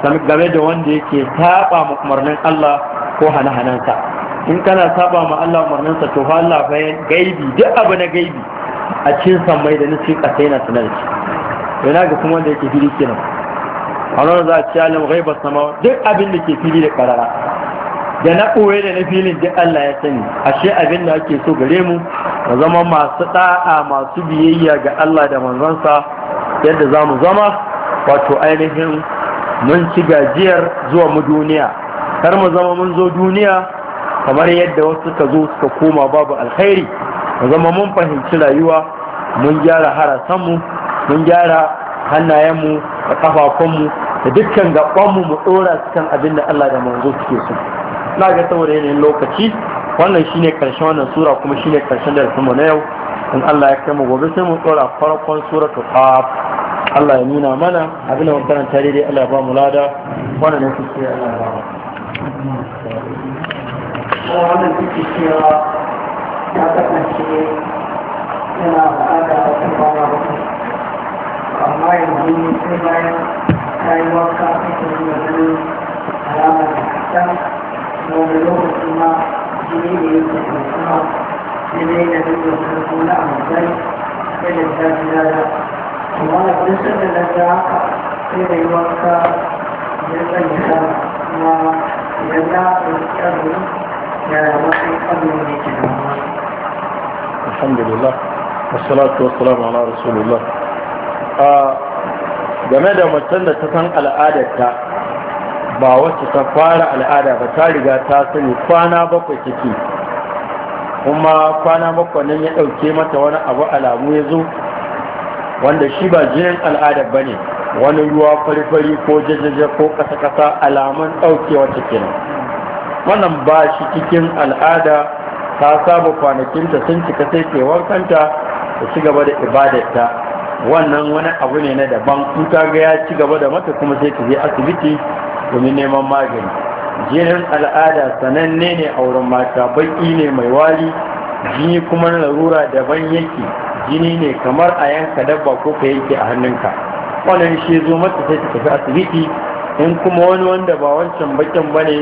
game da wanda yake taɓa umarnin Allah ko hana-hanansa in kana saba ma Allah umarninsa to Allah bayan gaibi duk abu na gaibi a cikin samai da nufi kasai na sanar yana ga kuma wanda yake fili kenan a nan za a ci alim ghaibar sama duk abin da ke fili da karara da na ɓoye da na filin duk Allah ya sani ashe abin da ake so gare mu da zama masu da'a masu biyayya ga Allah da manzansa yadda za mu zama wato ainihin mun ci gajiyar zuwa mu duniya kar mu zama mun zo duniya kamar yadda wasu suka zo suka koma babu alkhairi mu zama mun fahimci rayuwa mun gyara harasanmu mun gyara hannayenmu da kafafunmu da dukkan gabanmu mu dora su kan abin da Allah da manzo suke so na ga saboda yanayin lokaci wannan shine karshen wannan sura kuma shine karshen darasinmu na yau in Allah ya kai mu gobe sai mu dora farkon suratu qaf Allah ya nuna mana abin da karanta dai Allah ya ba mu lada wannan ne suke Allah ya ba mu wannan suke cewa ya kasance yana buƙatar wata bawa wata amma yanzu sai bayan ta yi wanka a cikin ganin alamar da ta na wani lokaci ma jini da yake da kuma jini da duk da farko na amazai sai da ta ji kuma amma da duk sanda na ga haka sai da yi wanka ya tsanta kuma idan na ɗauki ƙarfi da matsayin ƙarfi ne ke da alhamdulillah wassalatu wassalamu ala rasulullah a game da macen da ta san al'adarta ba wacce ta fara al'ada ba ta riga ta sani kwana bakwai take kuma kwana bakwai nan ya ɗauke mata wani abu alamu ya zo wanda shi ba jinin al'adar ba ne wani ruwa fari ko jajajen ko kasa-kasa alamun ɗaukewa cikin wannan ba shi cikin al'ada ta saba kwanakinta sun cika sai ke wankanta da ci gaba da ibadarta wannan wani abu ne na daban Kuta gaya ga ya ci gaba da mata kuma sai ta je asibiti domin neman magani jinin al'ada sananne ne a wurin mata baki ne mai wali. jini kuma na larura daban yake jini ne kamar a yanka dabba ko ka yanke a hannunka wannan shi zo mata sai ta tafi asibiti in kuma wani wanda ba wancan bakin bane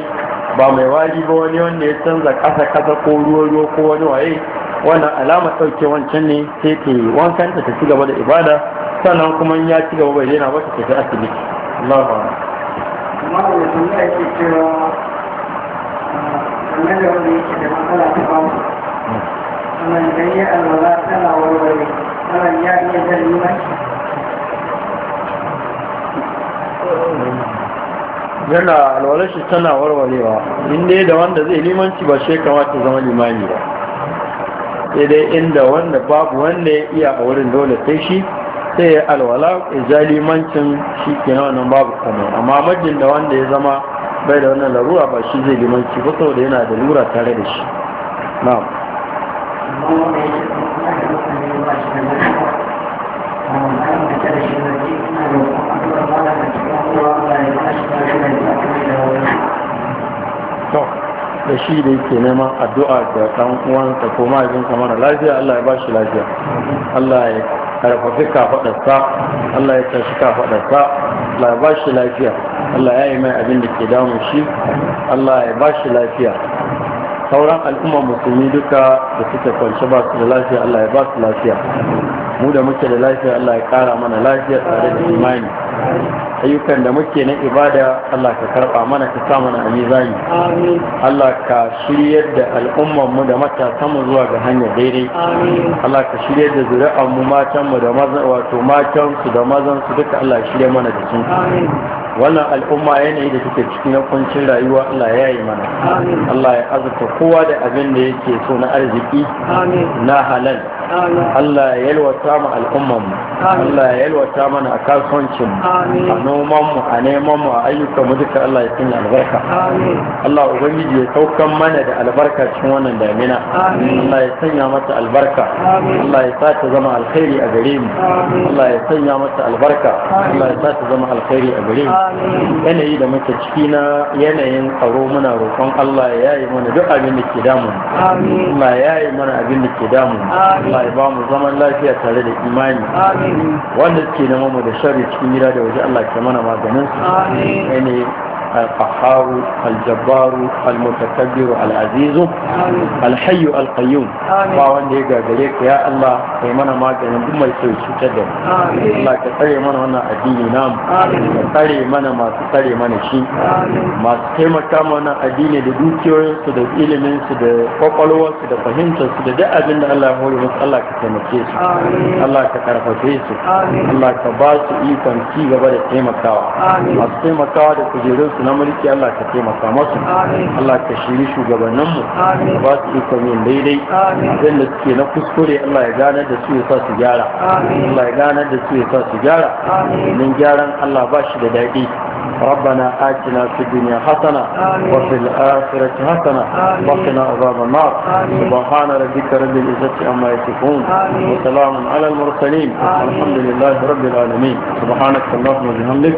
ba mai waji ba wani wanda ya canza kasa kasa ko ruwa ruwa ko wani waye wannan alama ɗauke wancan ne sai ke wankan ta ta ci gaba da ibada sannan kuma ya ci gaba bai daina ba ta tafi asibiti Allah ba amma da mutum da yake cewa ah, kamar da wanda yake da matsala ta bamu sannan idan ya alwala tana warware sannan ya iya jan yi mashi yana alwalar shi tana warwarewa inda da wanda zai limanci ba shi kamata zama limani ba sai dai inda wanda babu wanda ya iya a wurin dole sai shi sai ya alwala ya za limancin shi ke wannan babu kamar amma majin da wanda ya zama bai da wannan larura ba shi zai limanci ba saboda yana da lura tare da shi na'am da shi da yake neman addu'a da ɗan uwansa ko mahaifin kamar lafiya Allah ya ba shi lafiya Allah ya karfafi kafaɗarsa Allah ya tashi kafaɗarsa Allah ya ba shi lafiya Allah ya yi mai abin da ke damun shi Allah ya ba shi lafiya sauran al'umma musulmi duka da suke kwanci ba su da lafiya Allah ya ba su lafiya mu da muke da lafiya Allah ya kara mana lafiya tare da imani ayyukan da muke na ibada Allah ka karba mana ka sa mana amizani Allah ka shiryar da al'umman mu da matasan mu zuwa ga hanya daidai Allah ka shiryar da zuri'an mu matan mu da mazan wato matan su da mazan su duka Allah ya shirya mana da su wannan al'umma yanayi da suke ciki na kuncin rayuwa Allah ya yi mana Allah ya azurta kowa da abin da yake so na arziki na halal Allah ya yalwata mu al'umman mu Allah ya yalwata mana a kasuwancin mu a noman mu a neman mu a ayyukan mu duka Allah ya sanya albarka Allah ubangiji ya saukan mana da albarka cikin wannan damina Allah ya sanya mata albarka Allah ya sa ta zama alkhairi a gare mu Allah ya sanya mata albarka Allah ya sa ta zama alkhairi a gare mu yanayi da muke ciki na yanayin tsaro muna roƙon Allah ya yi mana duk abin da ke damu Allah ya yi mana abin da ke damu Allah ya ba mu zaman lafiya tare da imani wanda ke da mu da sharri cikin gida da waje Allah ke mana maganin su القهار الجبار المتكبر العزيز الحي القيوم باوان دي غريك يا الله كي منا ما كان دم مي سوي cutar da Allah ka tsare mana wannan addini namu ka tsare mana masu tsare mana shi masu taimaka mana addini da dukiyoyinsu da iliminsu da kwakwalwarsu da fahimtarsu da duk da Allah ya hore musu Allah ka taimake su Allah ka karfafe su Allah ka basu su ikon ci gaba da taimakawa masu taimakawa da kujerunsu na mulki Allah ka taimaka masu Allah ka shiri shugabanninmu ka ba su ikon yin daidai da suke na kuskure Allah ya ganar da su ya sa su gyara Allah ya ganar da su ya sa su gyara domin gyaran Allah ba shi da daɗi ربنا آتنا في الدنيا حسنة وفي الآخرة حسنة وقنا عذاب النار سبحان ربك رب العزة عما يصفون وسلام على المرسلين والحمد لله رب العالمين سبحانك اللهم وبحمدك